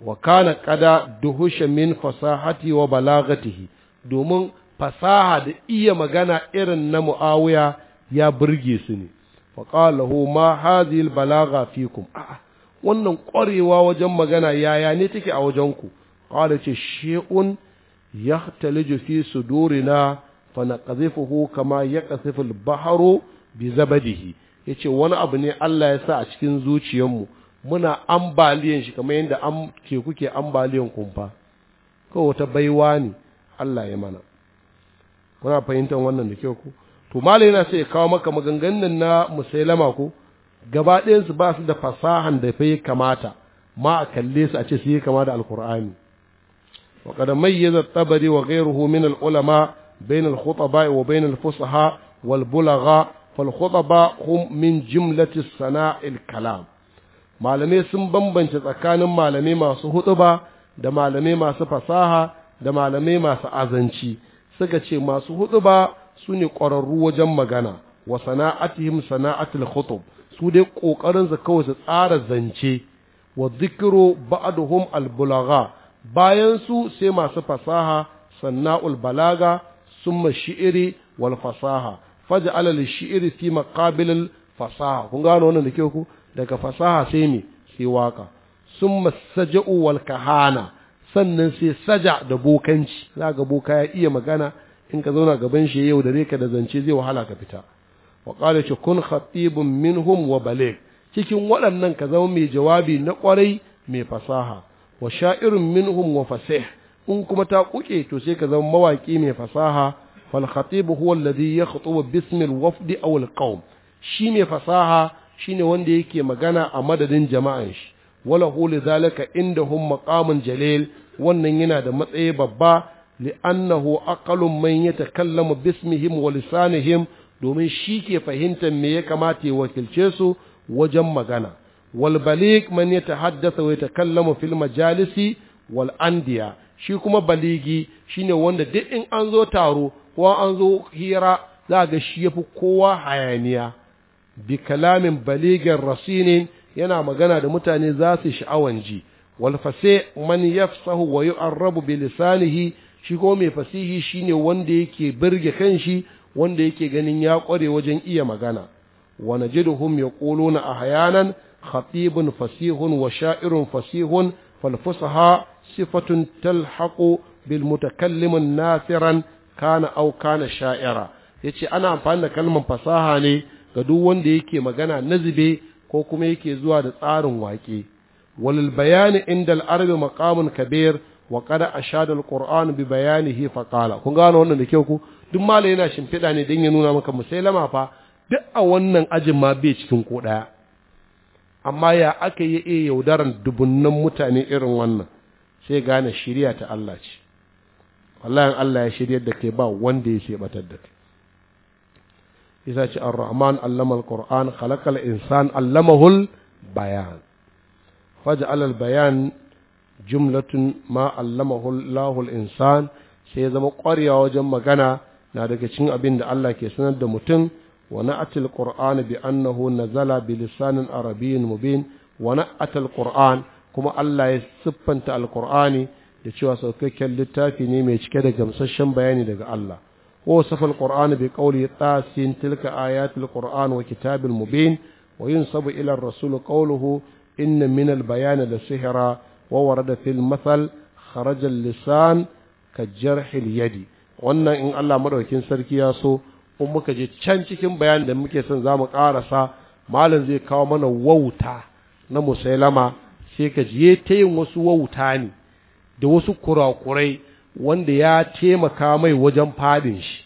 Speaker 1: wa kana ƙada duhushe min fasahati wa balagatihi domin fasaha da iya magana irin na mu'awiya ya burge su ne fa qala hu ma hadhihi balaga fikum a wannan ƙwarewa wajen magana yaya ne take a wajen ku qala ce shay'un yahtaliju fi sudurina fa naqzifuhu kama yaqzifu al-bahru bi zabadihi yace wani abu ne Allah ya sa a cikin zuciyarmu muna ambaliyan shi kamar yadda ke kuke ambaliyan kumfa ko wata baiwa ne Allah ya mana kuna fahimtar wannan da kyau ku? to malam yana sai ya kawo maka maganganun na musailama ko gaba ɗayansu ba su da fasahan da fa kamata ma a kalle su a ce su yi kama da alkur'ani wa qad mai at-tabari wa gairu min al'ulama ulama bain al-khutaba wa bain al-fusaha wal bulagha fal khutaba hum min jimlati sana'il kalam malamai sun bambance tsakanin malamai masu hutuba da malamai masu fasaha da malamai masu azanci suka ce masu hudu ba su ne ƙwararru wajen magana wa sana'atihim sana'atul khutub su dai ƙoƙarin su kawai su tsara zance wa zikiro ba'aduhum albulaga bayan su sai masu fasaha sana'ul balaga summa shi'iri wal fasaha faja alal shi'iri fi maqabilil fasaha kun gano wannan da ku daga fasaha sai ne sai waka summa saja'u wal kahana sannan sai saja da bokanci za ga boka ya iya magana in ka zauna gaban shi yau da ka da zance zai wahala ka fita wa qala shi kun khatibun minhum wa baligh cikin waɗannan ka zama mai jawabi na kwarai mai fasaha wa sha'irun minhum wa fasih in kuma ta kuke to sai ka zama mawaki mai fasaha fal khatib huwa alladhi yakhutubu bismi al wafd aw al qawm shi mai fasaha shine wanda yake magana a madadin jama'an shi wala hu lidhalika indahum maqamun jalil wannan yana da matsayi babba li'annahu aqalun man yatakallamu bismihim wa lisanihim domin shi ke fahimtar me ya kamata ya wakilce su wajen magana wal baliq man yatahaddathu wa yatakallamu fil majalisi wal andiya shi kuma baligi shine wanda duk in an zo taro ko an zo hira za ga shi yafi kowa hayaniya bi kalamin baligin rasinin yana magana da mutane za su sha'awan ji Walfase fasi man yafsahu wa yu'arrabu bi lisanihi shi ko mai fasihi shine wanda yake birge kanshi wanda yake ganin ya kware wajen iya magana wa najiduhum yaquluna ahyanan khatibun fasihun wa sha'irun fasihun fal fusaha sifatun talhaqu bil mutakallimin nasiran kana auka kana sha'ira yace ana amfani da kalmar fasaha ne ga duk wanda yake magana zube ko kuma yake zuwa da tsarin waƙe وللبيان bayani inda مقام كبير kabir wa kada ببيانه فقال كون bi kun wannan da kyau ku duk malai yana shimfiɗa ne dan ya nuna maka musailama fa duk a wannan ajin ma bai cikin ko daya amma ya aka yi iya yaudaran dubunnan mutane irin wannan sai gane shirya ta Allah ce wallahi Allah ya shiryar da kai ba wanda ya batar da kai isa ce ar-rahman allama al-qur'an khalaqa al-insan allamahul bayan faj'al al-bayan jumlatun ma allamahu Allahul insan sai ya zama ƙwarewa wajen magana na daga cikin abin da Allah ke sanar da mutum wa na'atil qur'ana bi annahu nazala bi lisanin arabiyyin mubin wa na'atil qur'an kuma Allah ya siffanta alqur'ani da cewa saukakken littafi ne mai cike da gamsasshen bayani daga Allah wa safal qur'ana bi qawli tasin tilka ayatul qur'an wa kitabil mubin wa yunsabu ila ar-rasul qawluhu إن من البيان لسحرا وورد في المثل خرج اللسان كجرح اليد wannan in Allah madaukakin sarki ya so in muka je can cikin bayanin da muke son za mu ƙarasa malam zai kawo mana wauta na musailama sai ka je ta yin wasu wauta ne da wasu kurakurai wanda ya taimaka mai wajen faɗin shi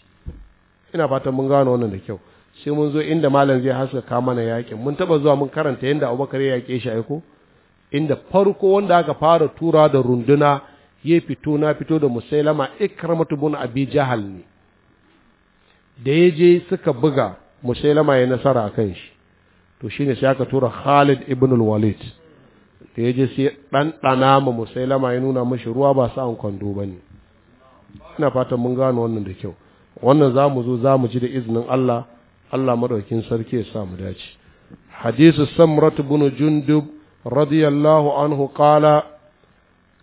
Speaker 1: ina fatan mun gano wannan da kyau sai mun zo inda malam zai haskaka mana yakin mun taba zuwa mun karanta yadda abubakar ya yake shi aiko inda farko wanda aka fara tura da runduna ya fito na fito da musailama ikramatu bin abi jahal ne da ya je suka buga musailama ya nasara kan shi to shine sai aka tura Khalid ibn al-Walid da ya je sai dan dana ma musailama ya nuna mashi ruwa ba sa an kwando bane ina fatan mun gano wannan da kyau wannan zamu zo zamu ji da izinin Allah Allah madaukin sarki ya sa mu dace hadisu samrat ibn jundub radiyallahu anhu qala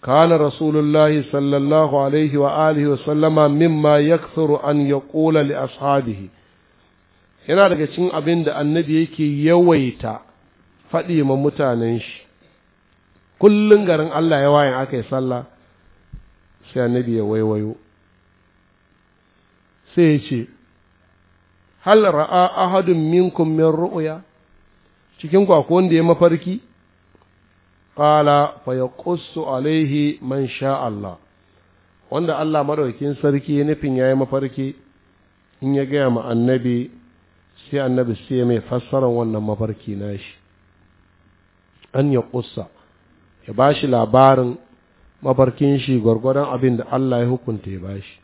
Speaker 1: kana rasulullahi sallallahu alaihi wa alihi wa sallama mimma yakthuru an yaqula li ashabihi yana daga cikin abin da annabi yake yawaita faɗi ma mutanen shi kullun garin Allah ya wayan aka yi sallah sai annabi ya waiwayo sai ya ce hal ra'a ahadun minkum min ru'ya cikin ku akwai wanda ya mafarki qala fa yaqussu alaihi man sha Allah wanda Allah maɗaukin sarki ya nufin yayi mafarki in ya gaya ma annabi sai annabi sai mai fassara wannan mafarki nashi an ya kussa ya bashi labarin mafarkin shi gwargwadon abin da Allah ya hukunta ya bashi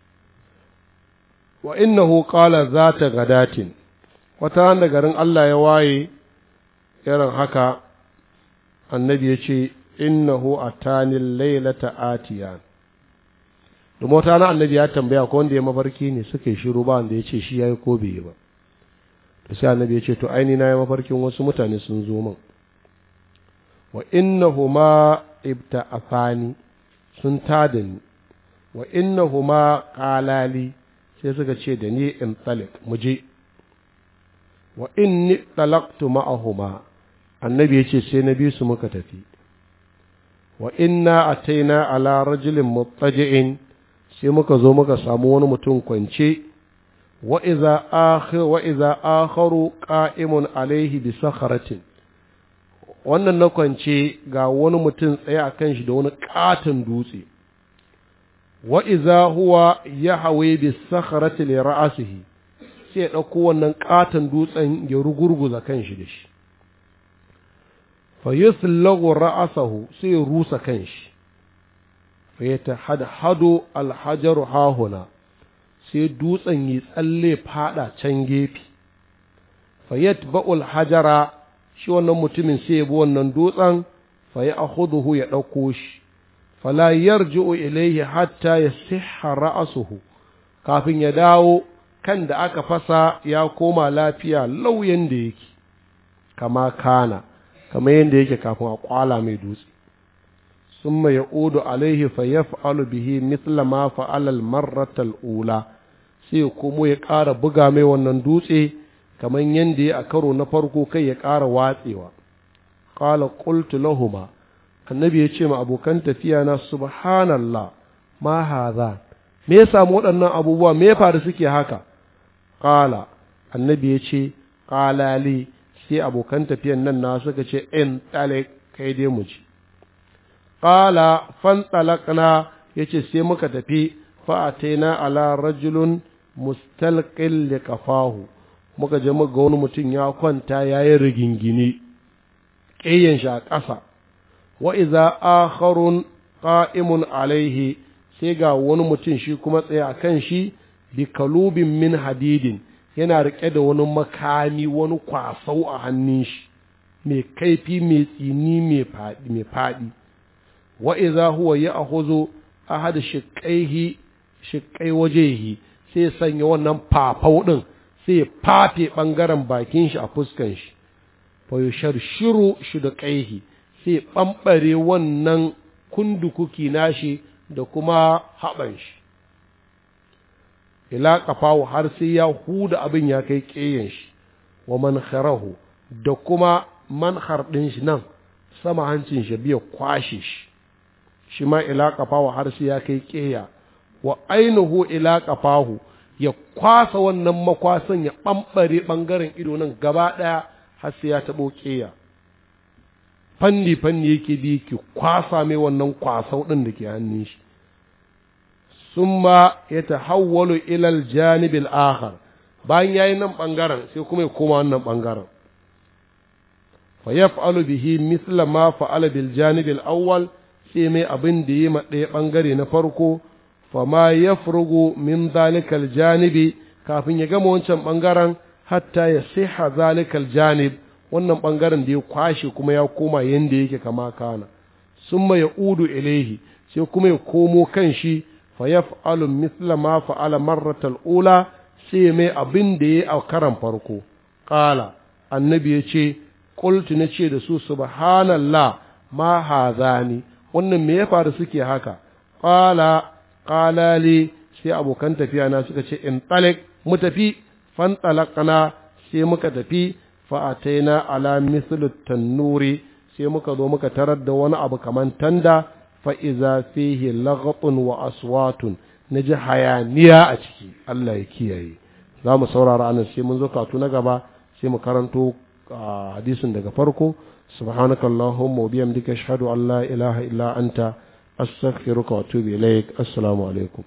Speaker 1: wa innahu qala zata gadatin wata da garin Allah ya waye irin haka annabi ya ce innahu atani laylata atiyan domin wata na annabi ya tambaya ko wanda ya mafarki ne suke shiru ba wanda ya ce shi ya yi ko bai ba to sai annabi ya ce to aini na yi mafarkin wasu mutane sun zo min wa ma ibta afani sun tada ni wa ma qalali sai suka ce da ni in talik mu je wa inni talaqtu ma'ahuma annabi yace sai na bi su muka tafi wa inna ataina ala rajulin muttaji'in sai muka zo muka samu wani mutum kwance wa iza akhir wa iza akharu qa'imun alaihi bi sakharatin wannan na kwance ga wani mutum tsaye akan shi da wani katon dutse wa iza huwa ya hawe bi sakharati li ra'sihi sai ya wannan ƙaton dutsen ya rugurguza kan shi da shi fa yuslagu ra'asahu sai ya rusa kan shi fa yatahadhadu alhajaru hahuna sai dutsen ya tsalle fada can gefe fa yatba'u hajara shi wannan mutumin sai ya bi wannan dutsen fa ya akhudhu ya ɗauko shi fala yarji'u ilayhi hatta yasihha ra'suhu kafin ya dawo kan da aka fasa ya koma lafiya lauyan da yake kama kana kama yadda yake kafin a kwala mai dutse summa ya'udu alaihi fa yaf'alu bihi mithla ma fa'ala al-marrata al-ula sai ya komo ya ƙara buga mai wannan dutse kamar yadda ya a karo na farko kai ya ƙara watsewa qala qultu lahuma annabi ya ce ma abokan tafiya na subhanallah ma haza me ya samu waɗannan abubuwa me ya faru suke haka ƙala annabi ya ce ƙalali sai abokan tafiyan nan na suka ce in tsale kai dai mu ci ƙala fan tsalakna ya ce sai muka tafi fa'ataina ala rajulun mustalqil li kafahu muka je muka ga wani mutum ya kwanta yayi rigingine ƙeyyan shi a ƙasa wa iza akharun qa'imun sai ga wani mutum shi kuma tsaye a kan shi bi kalubin min hadidin yana riƙe da wani makami wani kwasau a hannun shi mai kaifi mai tsini mai faɗi wa iza huwa ya ahuzo ahad shiqaihi shiqai wajehi sai sanya wannan fafau din sai fafe bangaren bakin shi a fuskan shi fa yusharshiru shudqaihi sai ɓamɓare wannan kundukuki nashi da kuma haɓan shi ila ƙafawo har sai ya huda abin ya kai ƙeyen shi wa manharahu da kuma manhar ɗin shi nan sama hancin shi biya kwashe shi shi ma ila ƙafawo har sai ya kai ƙeya wa ainihu ila ƙafahu ya kwasa wannan makwasan ya ɓamɓare ɓangaren ido nan gaba ɗaya har sai ya taɓo ƙeya fanni fanni yake bi ki kwasa mai wannan kwasau ɗin da ke hannun shi summa ya hauwalu ilal janibil akhar bayan yayi nan ɓangaren, sai kuma ya koma wannan bangaren fa yaf'alu bihi misla ma fa'ala bil janibil awwal sai mai abin da yi ma ɓangare na farko fa ma yafrugu min zalikal janibi kafin ya gama wancan bangaren hatta ya siha zalikal janib wannan ɓangaren da ya kwashe kuma ya koma yadda yake kama kana ma ya udu ilaihi sai kuma ya komo kan shi fa fa'alu mithla ma fa'ala marratal ula sai mai abin da ya a karan farko Ƙala, annabi ya ce kultu na ce da su subhanallah ma hazani wannan me ya faru suke haka Ƙala, ƙalale, sai abokan tafiya na suka ce in tsalek mu tafi fan sai muka tafi fa'ataina ala mislu sai muka zo muka tarar da wani abu kaman tanda fa'iza iza fihi laghatun wa aswatun ji hayaniya a ciki Allah ya kiyaye za mu saurara anan sai mun zo katu na gaba sai mu karanto hadisin daga farko subhanakallahumma wa bihamdika ashhadu an la ilaha illa anta astaghfiruka wa atubu ilaik assalamu alaikum